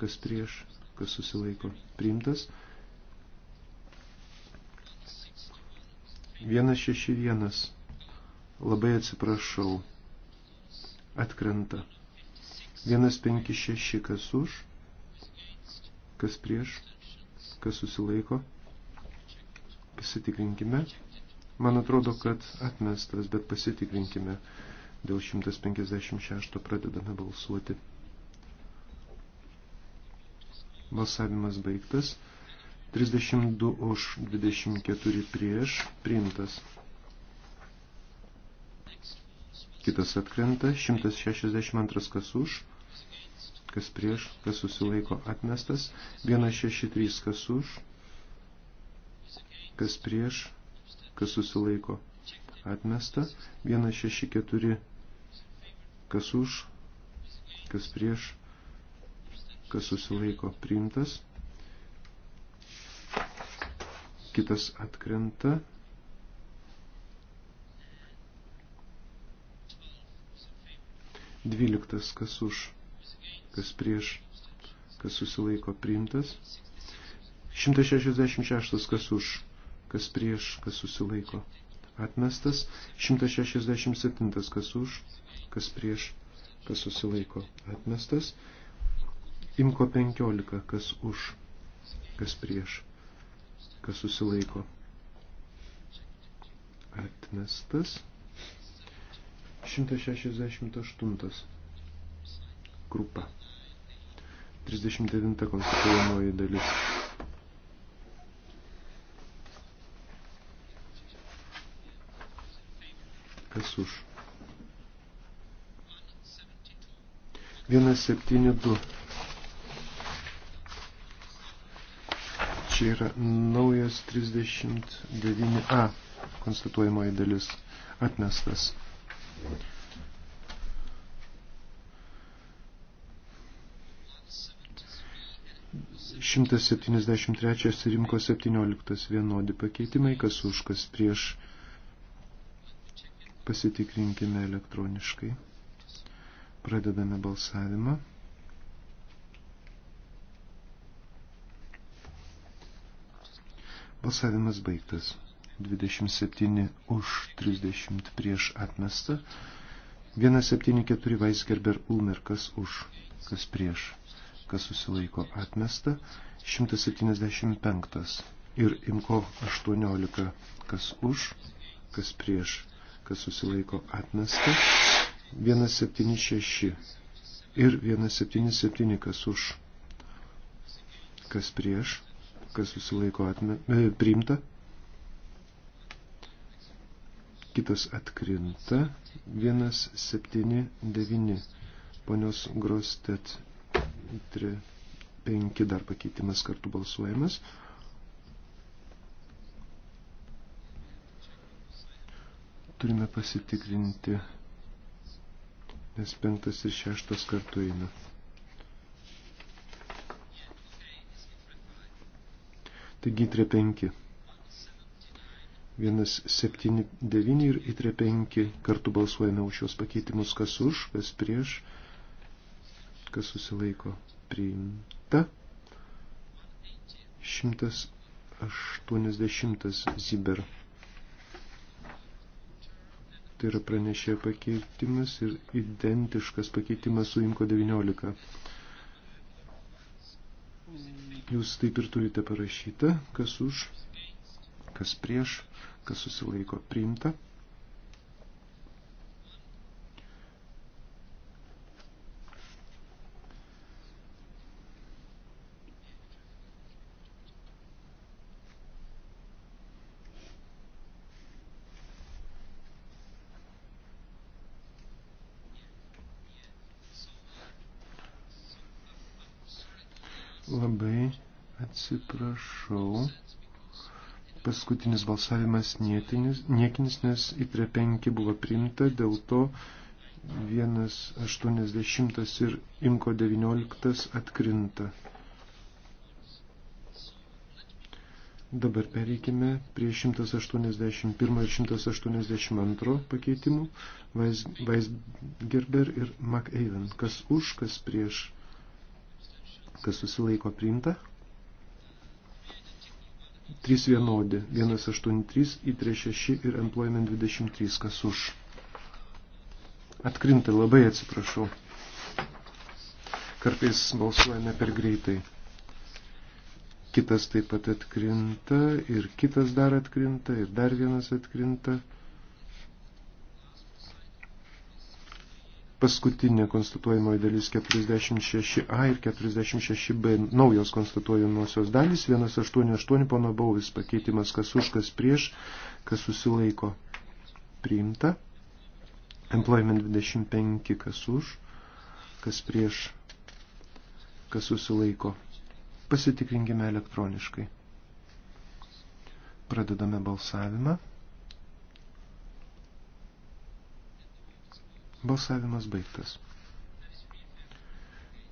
kas prieš, kas susilaiko. Priimtas 161. Labai atsiprašau. Atkrenta. 156 kas už, kas prieš, kas susilaiko. Pasitikrinkime. Man atrodo, kad atmestas, bet pasitikrinkime. Dėl 156 pradedame balsuoti. Balsavimas baigtas. 32 už 24 prieš priimtas. Kitas atkrenta. 162 kas už kas prieš, kas susilaiko atmestas, 163, kas už, kas prieš, kas susilaiko atmesta, 164, kas už, kas prieš, kas susilaiko priimtas, kitas atkrenta, 12 kas už kas prieš, kas susilaiko priimtas. 166 kas už, kas prieš, kas susilaiko atmestas. 167 kas už, kas prieš, kas susilaiko atmestas. Imko 15 kas už, kas prieš, kas susilaiko atmestas. 168 grupa 39 konstatuojamoji dalis. Kas už? 172. Čia yra naujas 39a konstatuojamoji dalis atmestas. 173 ir rimko 17 vienodi pakeitimai, kas už, kas prieš. Pasitikrinkime elektroniškai. Pradedame balsavimą. Balsavimas baigtas. 27 už 30 prieš atmestą. 174 Weisgerber Ulmerkas už, kas prieš kas susilaiko atmesta, 175 ir imko 18, kas už, kas prieš, kas susilaiko atmesta, 176 ir 177, kas už, kas prieš, kas susilaiko atme, e, priimta, kitas atkrinta, 179 ponios Grostet 3, 5 dar pakeitimas kartu balsuojamas. Turime pasitikrinti, nes penktas ir šeštas kartu eina. Taigi 3, 5. 179 ir 3, 5 kartu balsuojame už šios pakeitimus, kas už, kas prieš, kas susilaiko priimta. 180 ziber. Tai yra pranešė pakeitimas ir identiškas pakeitimas su Imko 19. Jūs taip ir turite parašyta, kas už, kas prieš, kas susilaiko priimta. Atsiprašau. Paskutinis balsavimas nietinis, niekinis, nes ITRE 5 buvo priimta, dėl to 1.80 ir IMKO 19 atkrinta. Dabar pereikime prie 181 ir 182 pakeitimų Weisgerber ir McAven. Kas už, kas prieš, kas susilaiko priimta. 3 vienodi. 183, I36 ir Employment 23, kas už. Atkrinta, labai atsiprašau. Kartais balsuojame per greitai. Kitas taip pat atkrinta, ir kitas dar atkrinta, ir dar vienas atkrinta. paskutinė konstatuojamoji dalis 46a ir 46b naujos konstatuojamosios dalys, 188 pono bauvis pakeitimas, kas už, kas prieš, kas susilaiko priimta, employment 25, kas už, kas prieš, kas susilaiko. Pasitikrinkime elektroniškai. Pradedame balsavimą. Balsavimas baigtas.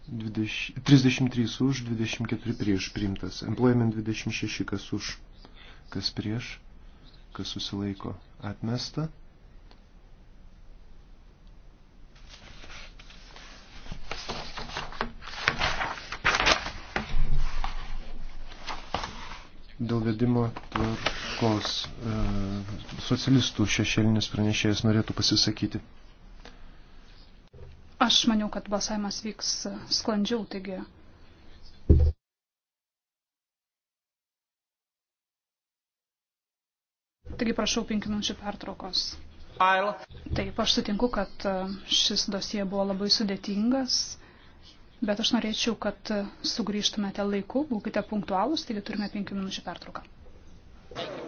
20, 33 už, 24 prieš priimtas. Employment 26 kas už, kas prieš, kas susilaiko atmesta. dėl vedimo tvarkos e, socialistų šešėlinis pranešėjas norėtų pasisakyti. Aš maniau, kad balsavimas vyks sklandžiau, taigi. Taigi prašau penkių minučių pertraukos. Taip, aš sutinku, kad šis dosie buvo labai sudėtingas, bet aš norėčiau, kad sugrįžtumėte laiku, būkite punktualūs, taigi turime penkių minučių pertrauką. Thank you.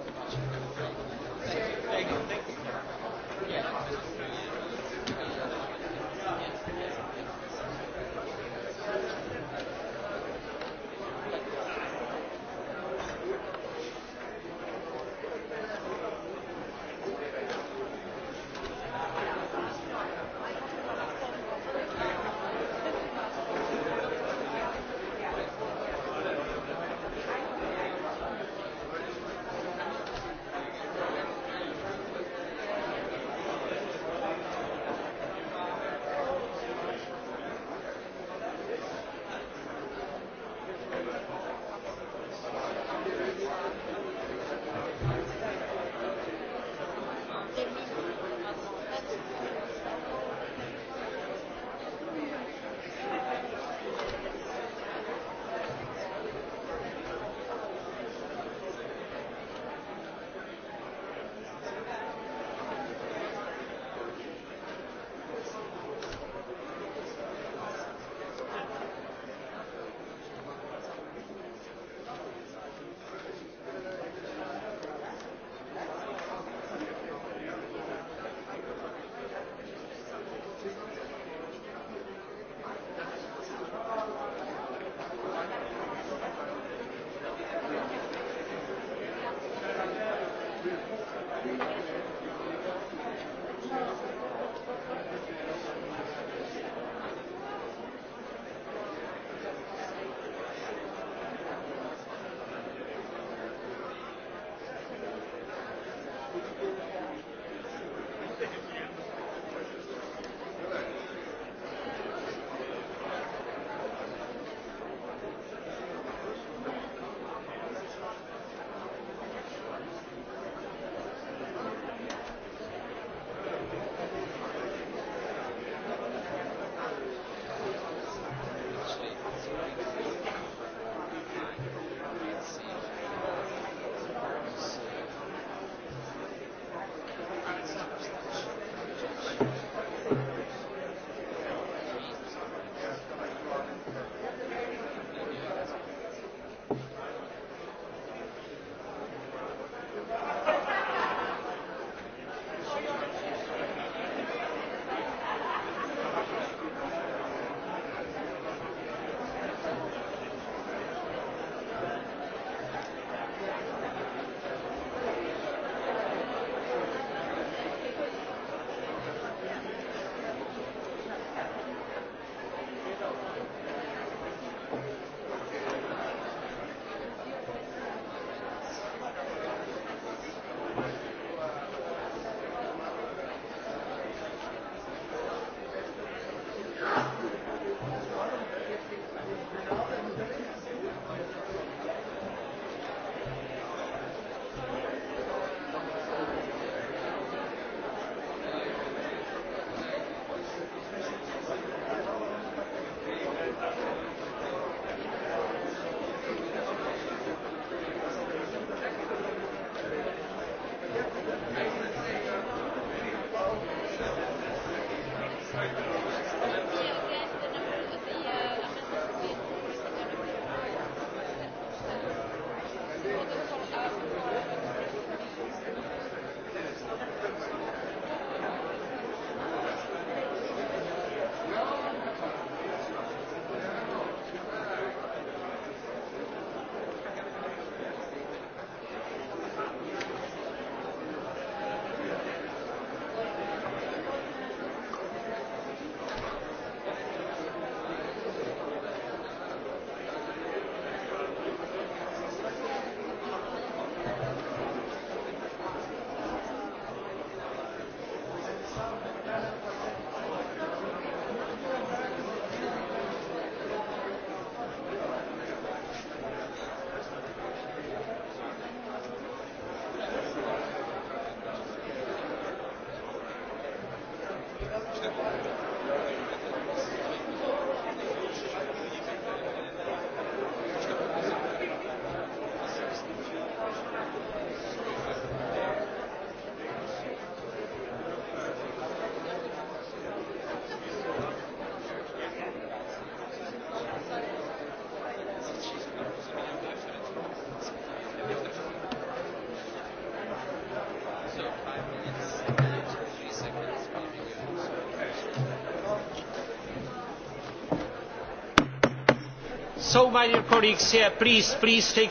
So, yeah, please, please take...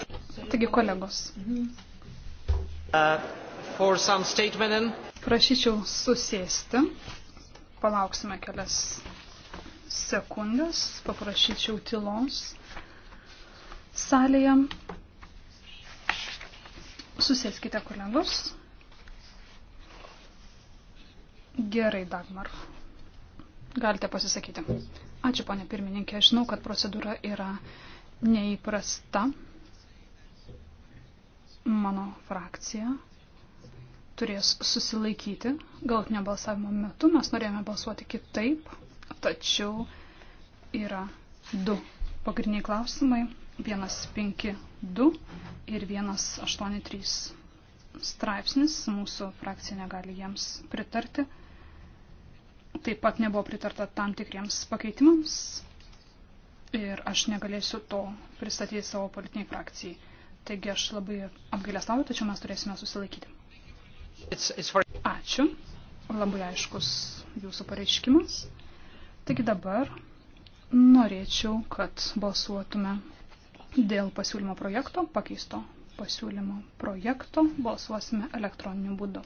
Taigi, kolegos. Uh, Prašyčiau susėsti. Palauksime kelias sekundės. Paprašyčiau tylos salėje. Susėskite, kolegos. Gerai, Dagmar. Galite pasisakyti. Ačiū, ponė pirmininkė. Aš žinau, kad procedūra yra neįprasta. Mano frakcija turės susilaikyti galtinio balsavimo metu. Mes norėjome balsuoti kitaip, tačiau yra du pagrindiniai klausimai. 152 ir 183 straipsnis. Mūsų frakcija negali jiems pritarti. Taip pat nebuvo pritarta tam tikriems pakeitimams ir aš negalėsiu to pristatyti savo politiniai frakcijai. Taigi aš labai apgailestauju, tačiau mes turėsime susilaikyti. Ačiū. Labai aiškus jūsų pareiškimas. Taigi dabar norėčiau, kad balsuotume dėl pasiūlymo projekto, pakeisto pasiūlymo projekto, balsuosime elektroniniu būdu.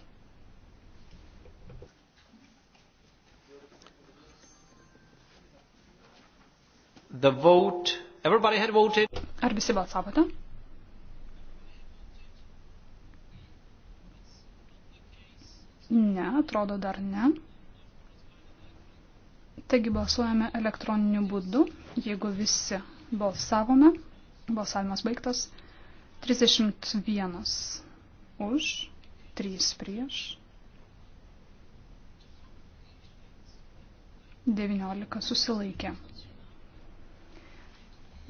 The vote. Everybody had voted. Ar visi balsavote? Ne, atrodo dar ne. Taigi balsuojame elektroniniu būdu. Jeigu visi balsavome, balsavimas baigtas. 31 už, 3 prieš, 19 susilaikė.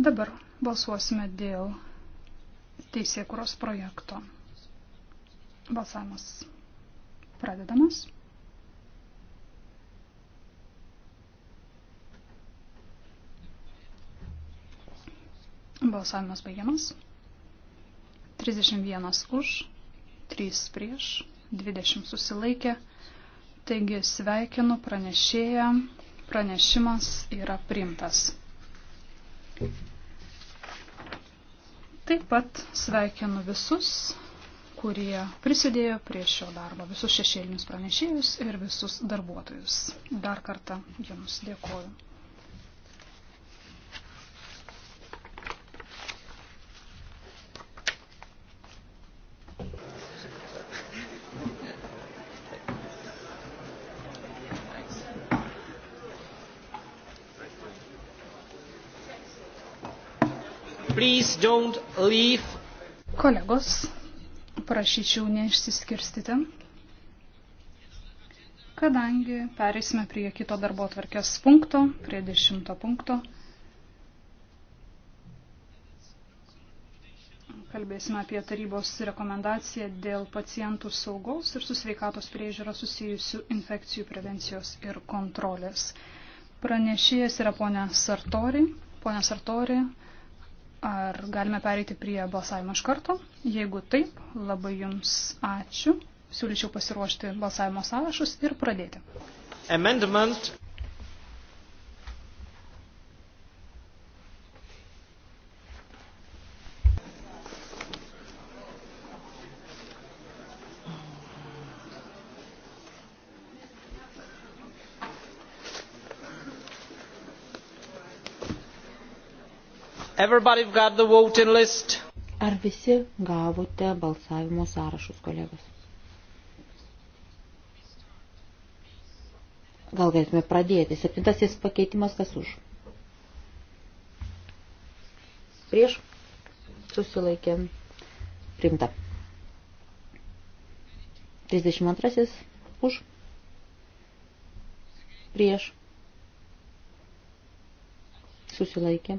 Dabar balsuosime dėl teisėkuros projekto. Balsavimas pradedamas. Balsavimas baigiamas. 31 už, 3 prieš, 20 susilaikė. Taigi sveikinu pranešėją. Pranešimas yra primtas. Taip pat sveikinu visus, kurie prisidėjo prie šio darbo, visus šešėlinius pranešėjus ir visus darbuotojus. Dar kartą jums dėkoju. Please don't leave. Kolegos, prašyčiau neišsiskirstyti, kadangi pereisime prie kito darbo tvarkės punkto, prie dešimto punkto. Kalbėsime apie tarybos rekomendaciją dėl pacientų saugos ir su sveikatos priežiūra susijusių infekcijų prevencijos ir kontrolės. Pranešėjas yra ponia Sartori. Ponia Sartori, Ar galime pereiti prie balsavimo iš karto? Jeigu taip, labai Jums ačiū. Siūlyčiau pasiruošti balsavimo sąrašus ir pradėti. Amendment Everybody got the voting list? Ar visi gavote balsavimo sąrašus, kolegos? Gal galėtume pradėti. Septintasis pakeitimas kas už? Prieš susilaikė primta. 32 už prieš susilaikė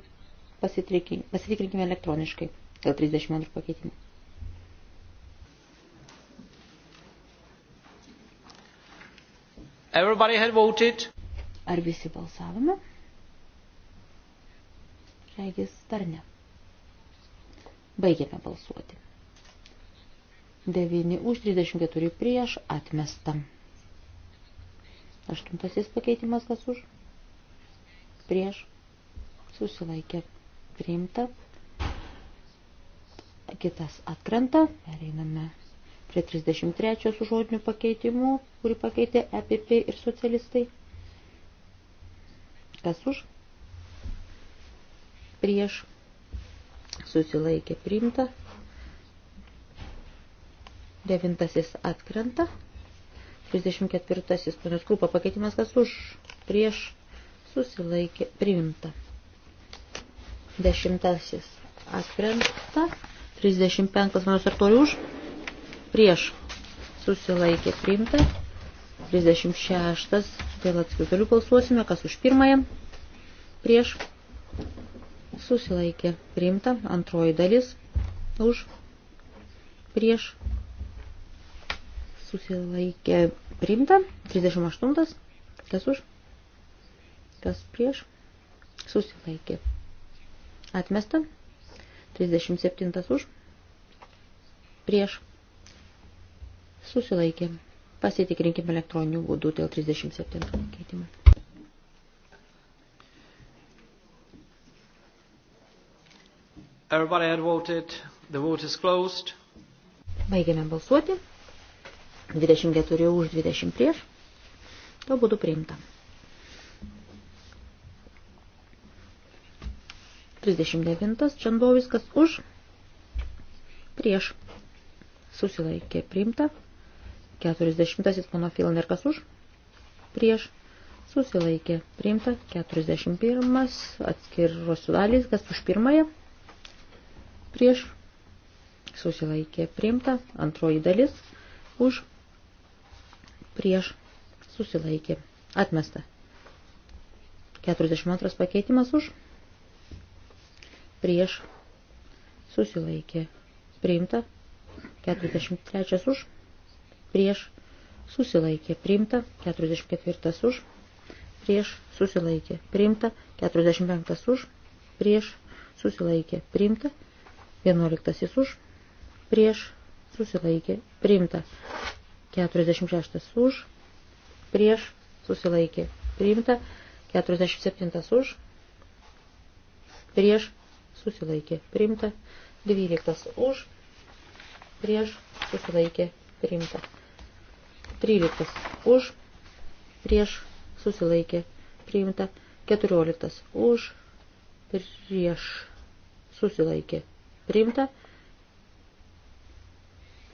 pasitikrinkime elektroniškai dėl 32 pakeitimų. Everybody had voted. Ar visi balsavome? Regis dar ne. Baigėme balsuoti. 9 už 34 prieš atmestą. Aštuntasis pakeitimas kas už? Prieš. Susilaikė priimta. Kitas atkrenta, pereiname prie 33 su žodiniu pakeitimu, kurį pakeitė EPP ir socialistai. Kas už? Prieš susilaikė priimta. Devintasis atkrenta. 34. Ponios Krupa pakeitimas, kas už prieš susilaikė priimta. Dešimtasis atkrenta. 35 mano sartorių už. Prieš susilaikė priimta. 36 dėl atskirų dalių balsuosime. Kas už pirmąją? Prieš susilaikė priimta. Antroji dalis už. Prieš susilaikė priimta. 38 kas už? Kas prieš? Susilaikė Atmesta. 37 už. Prieš. Susilaikė. Pasitikrinkime elektroninių būdų dėl 37 keitimo. Everybody had voted. The vote is closed. Baigiame balsuoti. 24 už 20 prieš. To būdu priimta. 39 Čamboviskas už prieš susilaikė priimta. 40 pono Filnerkas už prieš susilaikė priimta. 41 atskiros dalys, kas už pirmąją prieš susilaikė priimta. Antroji dalis už prieš susilaikė atmesta. 42 pakeitimas už prieš susilaikė priimta, 43 už, prieš susilaikė priimta, 44 už, prieš susilaikė priimta, 45 už, prieš susilaikė priimta, 11 už, prieš susilaikė priimta, 46 už, prieš susilaikė priimta, 47 už, prieš susilaikė priimta, 12 už, prieš susilaikė priimta, 13 už, prieš susilaikė priimta, 14 už, prieš susilaikė priimta,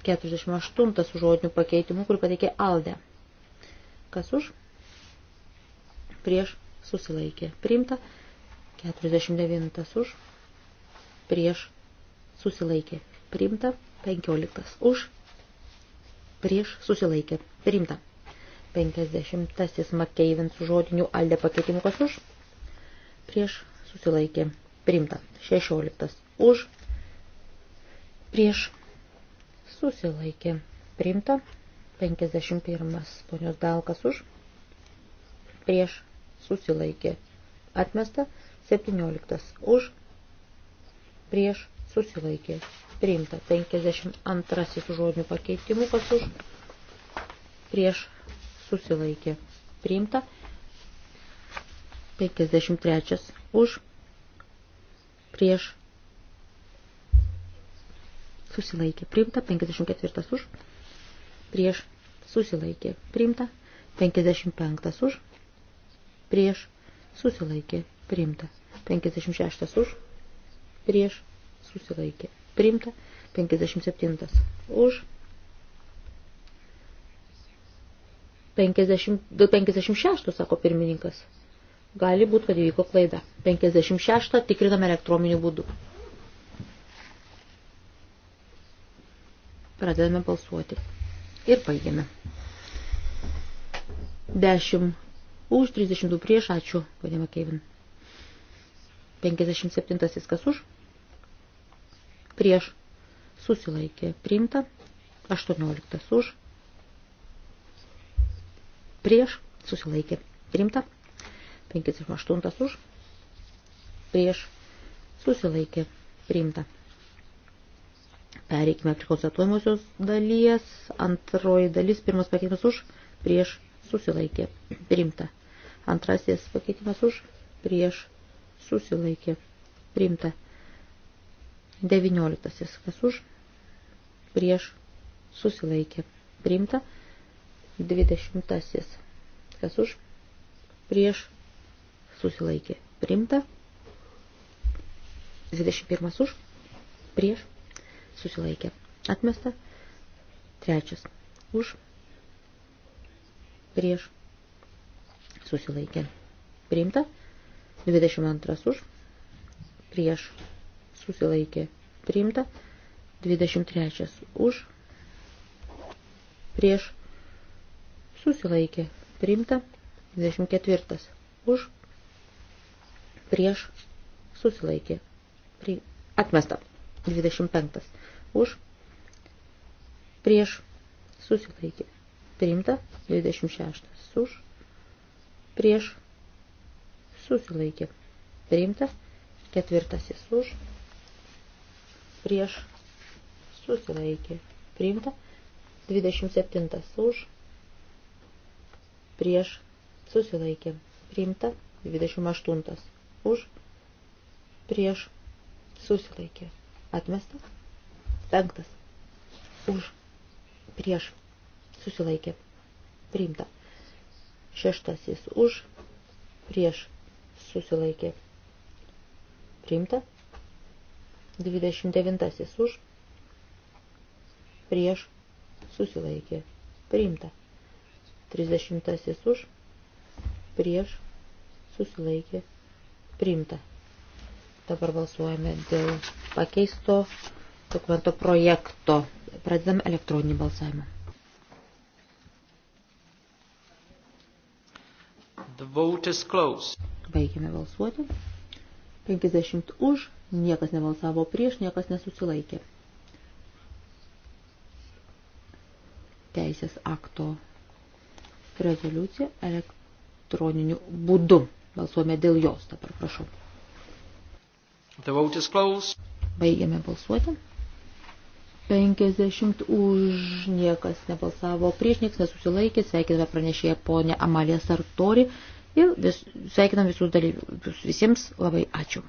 48 žodinių pakeitimų, kur pateikė Alde. Kas už? Prieš susilaikė. Priimta. 49 už prieš susilaikė priimta, 15 už prieš susilaikė priimta. 50 McKeivin su žodiniu aldė pakeitimu kas už prieš susilaikė priimta. 16 už prieš susilaikė priimta. 51 ponios Dalkas už prieš susilaikė atmesta. 17 už prieš susilaikė priimta 52 su žodiniu pakeitimu, kas už prieš susilaikė priimta 53 už prieš susilaikė priimta 54 už prieš susilaikė priimta 55 už prieš susilaikė priimta 56 už prieš susilaikė priimta, 57 už, 50, 56, sako pirmininkas. Gali būti, kad įvyko klaida. 56 tikriname elektroniniu būdu. Pradedame balsuoti. Ir baigiame. 10 už, 32 prieš, ačiū, vadima Keivin. 57 kas už prieš susilaikė priimta, 18 už, prieš susilaikė priimta, 58 už, prieš susilaikė priimta. Pereikime prie konstatuojamosios dalies, antroji dalis, pirmas pakeitimas už, prieš susilaikė priimta, antrasis pakeitimas už, prieš susilaikė priimta. 19. Kas už? Prieš susilaikė. Priimta. 20. Kas už? Prieš susilaikė. Priimta. 21. Už? Prieš susilaikė. Atmesta. Trečias. Už. Prieš. Susilaikė. Priimta. 22 už. Prieš susilaikė priimta, 23 už, prieš susilaikė priimta, 24 už, prieš susilaikė pri, atmesta, 25 už, prieš susilaikė priimta, 26 už, prieš susilaikė priimta, ketvirtasis už, prieš susilaikė priimta, 27 už prieš susilaikė priimta, 28 už prieš susilaikė atmesta, 5 už prieš susilaikė priimta, 6 už prieš susilaikė priimta, 29 už, prieš, susilaikė, priimta. 30 už, prieš, susilaikė, priimta. Dabar balsuojame dėl pakeisto dokumento projekto. Pradedam elektroninį balsavimą. The vote is closed. Baigime balsuoti. 50 už, Niekas nebalsavo prieš, niekas nesusilaikė. Teisės akto rezoliucija elektroniniu būdu. Balsuojame dėl jos dabar, prašau. The vote is closed. Baigiame balsuoti. 50 už niekas nebalsavo prieš, niekas nesusilaikė. Sveikiname pranešėją ponę Amaliją Sartori ir vis, sveikinam visus dalyvius. Visiems labai ačiū.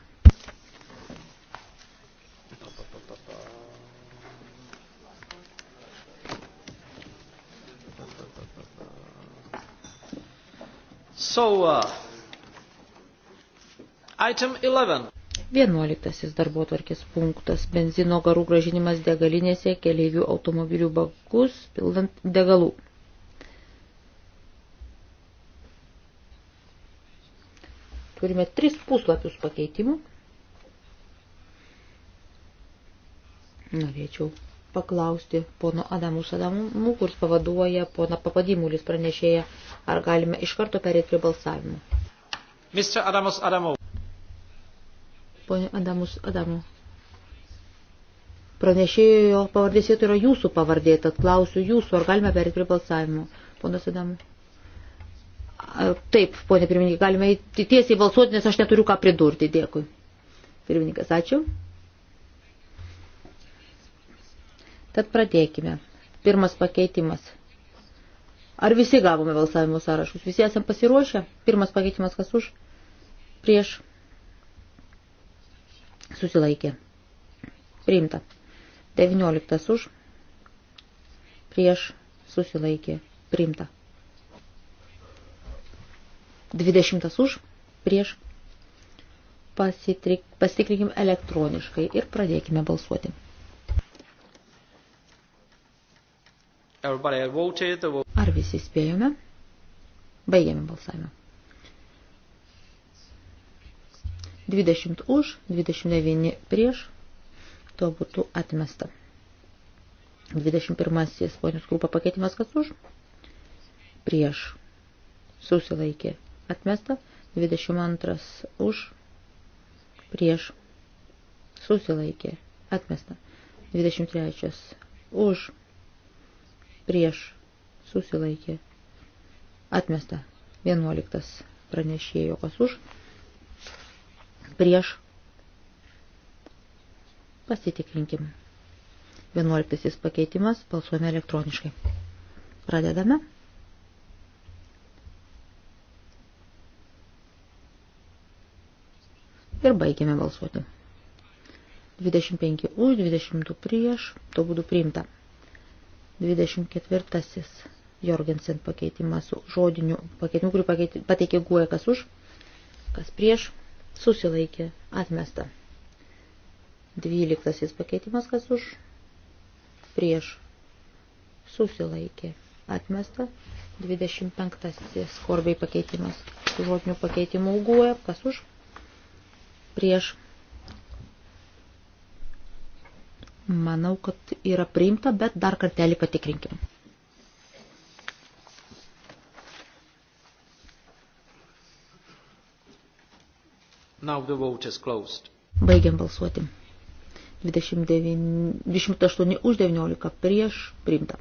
So, uh, item 11. Vienuoliktasis darbo tvarkės punktas – benzino garų gražinimas degalinėse keleivių automobilių bakus pildant degalų. Turime tris puslapius pakeitimų. Norėčiau paklausti pono Adamus Adamų, kuris pavaduoja pona Papadimulis pranešėja, ar galime iš karto perėti prie balsavimo. Mr. Adamus Adamu. Pone Adamus Adamu. Pranešėjo pavardės vietoj tai yra jūsų pavardė, tad klausiu jūsų, ar galime perėti prie balsavimo. Ponas Adamu. Taip, ponė pirmininkė, galime tiesiai balsuoti, nes aš neturiu ką pridurti. Dėkui. Pirmininkas, ačiū. Tad pradėkime. Pirmas pakeitimas. Ar visi gavome balsavimo sąrašus? Visi esam pasiruošę? Pirmas pakeitimas kas už? Prieš. Susilaikė. Priimta. 19 už. Prieš. Susilaikė. Priimta. 20 už. Prieš. Pasitikrikim elektroniškai ir pradėkime balsuoti. Ar visi spėjome? Baigėme balsavimą. 20 už, 29 prieš, tuo būtų atmesta. 21 ponios grupą pakeitimas kas už, prieš, susilaikė, atmesta, 22 už, prieš, susilaikė, atmesta, 23 už, prieš susilaikė atmesta 11 pranešėjo kas už prieš pasitikrinkim 11 pakeitimas balsuojame elektroniškai pradedame ir baigėme balsuoti 25 už 22 prieš to būdu priimta 24. Jorgensen pakeitimas su žodiniu pakeitimu, kurį pakeiti, pateikė guoja kas už, kas prieš, susilaikė, atmesta. 12. pakeitimas kas už, prieš, susilaikė, atmesta. 25. skorbiai pakeitimas su žodiniu pakeitimu guoja kas už, prieš, Manau, kad yra priimta, bet dar kartelį patikrinkim. Now the vote is closed. Baigiam balsuoti. 29, 208 už 19 prieš priimta.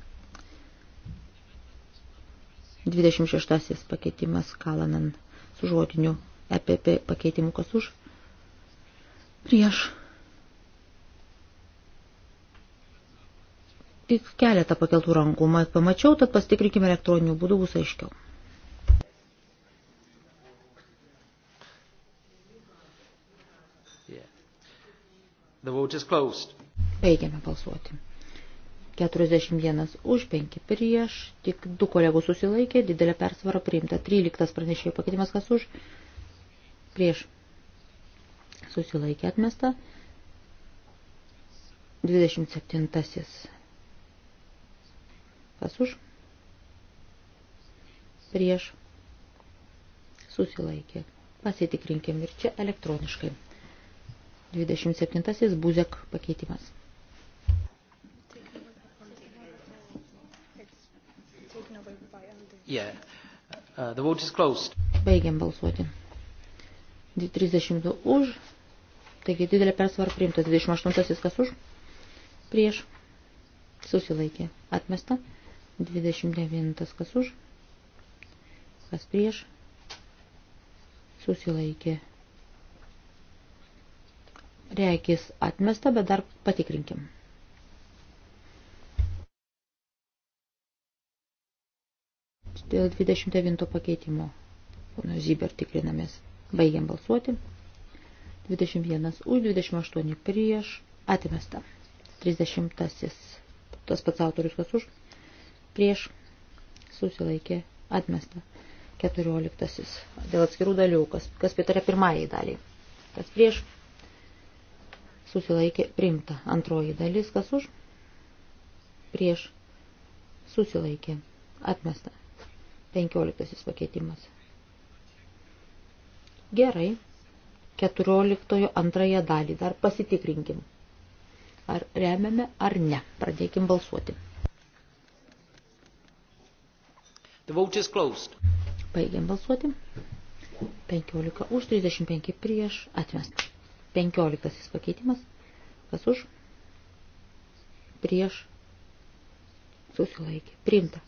26 pakeitimas Kalanan su žodiniu EPP pakeitimu kas už prieš tik keletą pakeltų rankų, mat pamačiau, tad pastikrinkime elektroniniu būdu bus aiškiau. Baigiame balsuoti. 41 už 5 prieš, tik du kolegų susilaikė, didelė persvara priimta. 13 pranešėjo pakeitimas kas už, prieš susilaikė atmesta. 27 Kas už? Prieš. Susilaikė. Pasitikrinkim ir čia elektroniškai. 27. Buzek pakeitimas. Yeah. Uh, the vote is closed. Baigiam balsuoti. 32 už. Taigi didelė persvara priimta. 28 kas už. Prieš. Susilaikė. Atmesta. 29 kas už, kas prieš, susilaikė. Reikis atmesta, bet dar patikrinkim. Dėl 29 pakeitimo. Pono Zyber tikrinamės. Baigiam balsuoti. 21 už, 28 prieš, atmesta. 30 tas pats autorius kas už, prieš susilaikė atmesta. 14. Dėl atskirų dalių, kas, kas pritarė pirmąjį dalį, kas prieš susilaikė primta. Antroji dalis, kas už prieš susilaikė atmesta. 15. pakeitimas. Gerai. 14. antrąją dalį dar pasitikrinkim. Ar remiame, ar ne. Pradėkim balsuoti. The vote is closed. Baigiam balsuoti. 15 už, 35 prieš, atmestas. 15 pakeitimas. Kas už? Prieš. Susilaikė. Priimta.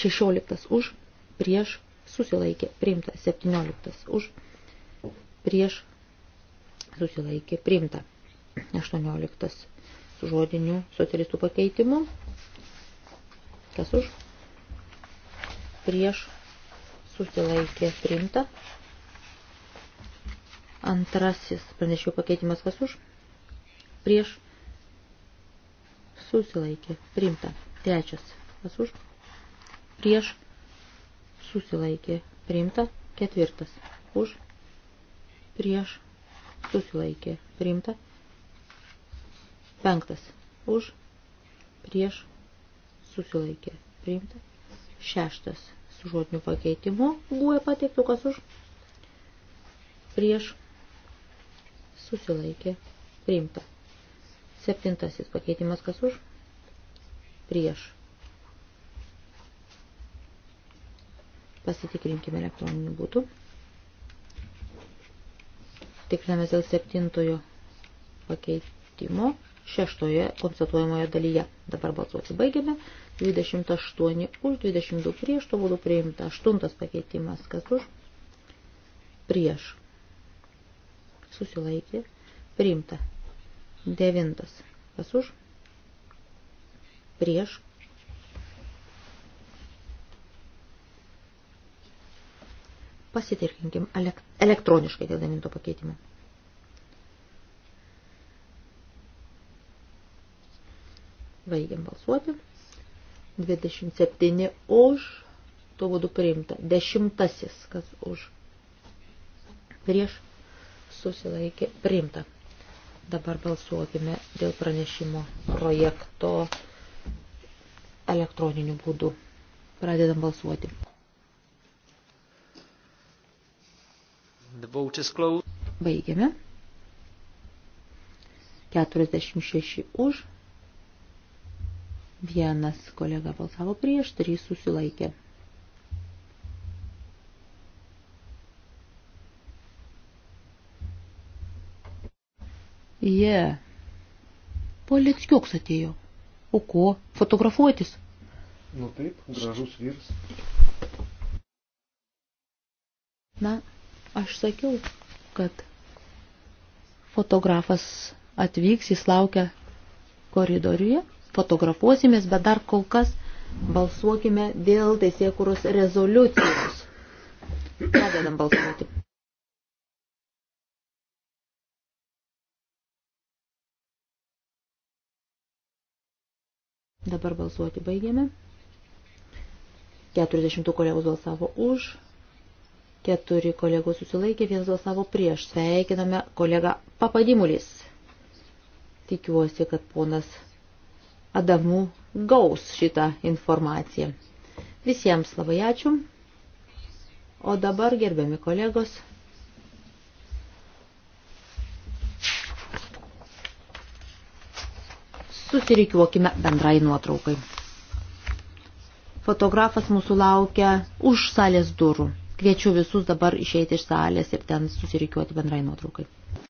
16 už, prieš, susilaikė, priimta, 17 už, prieš, susilaikė, priimta, 18 su žodiniu socialistų pakeitimu, Kas už? Prieš susilaikė priimta. Antrasis pranešėjų pakeitimas kas už? Prieš susilaikė priimta. Trečias kas už? Prieš susilaikė priimta. Ketvirtas už? Prieš susilaikė priimta. Penktas už? Prieš susilaikė priimta. Šeštas su žodiniu pakeitimu guoja pateiktų, kas už prieš susilaikė priimta. Septintasis pakeitimas kas už prieš. Pasitikrinkime elektroniniu būdu. Tikrinamės dėl septintojo pakeitimo šeštoje konstatuojamoje dalyje. Dabar balsuoti baigiame. 28 už, 22 prieš, to būtų priimta. Aštuntas pakeitimas, kas už, prieš, susilaikė, priimta. Devintas, kas už, prieš, pasitirkinkim elektroniškai dėl devinto pakeitimo. Baigiam balsuoti. 27 už, tuo būdu priimta. Dešimtasis, kas už, prieš, susilaikė, priimta. Dabar balsuokime dėl pranešimo projekto elektroniniu būdu. Pradedam balsuoti. The vote is closed. Baigiame. 46 už, Vienas kolega balsavo prieš, trys susilaikė. Jie. Yeah. Politskioks atėjo. O ko? Fotografuotis? Nu taip, gražus vyras. Na, aš sakiau, kad fotografas atvyks, jis laukia koridoriuje fotografuosimės, bet dar kol kas balsuokime dėl teisėkūros rezoliucijos. Pradedam balsuoti. Dabar balsuoti baigėme. 40 kolegos balsavo už, 4 kolegos susilaikė, vienas balsavo prieš. Sveikiname kolegą Papadimulis. Tikiuosi, kad ponas Adamų gaus šitą informaciją. Visiems labai ačiū. O dabar, gerbiami kolegos, susirikiuokime bendrai nuotraukai. Fotografas mūsų laukia už salės durų. Kviečiu visus dabar išeiti iš salės ir ten susirikiuoti bendrai nuotraukai.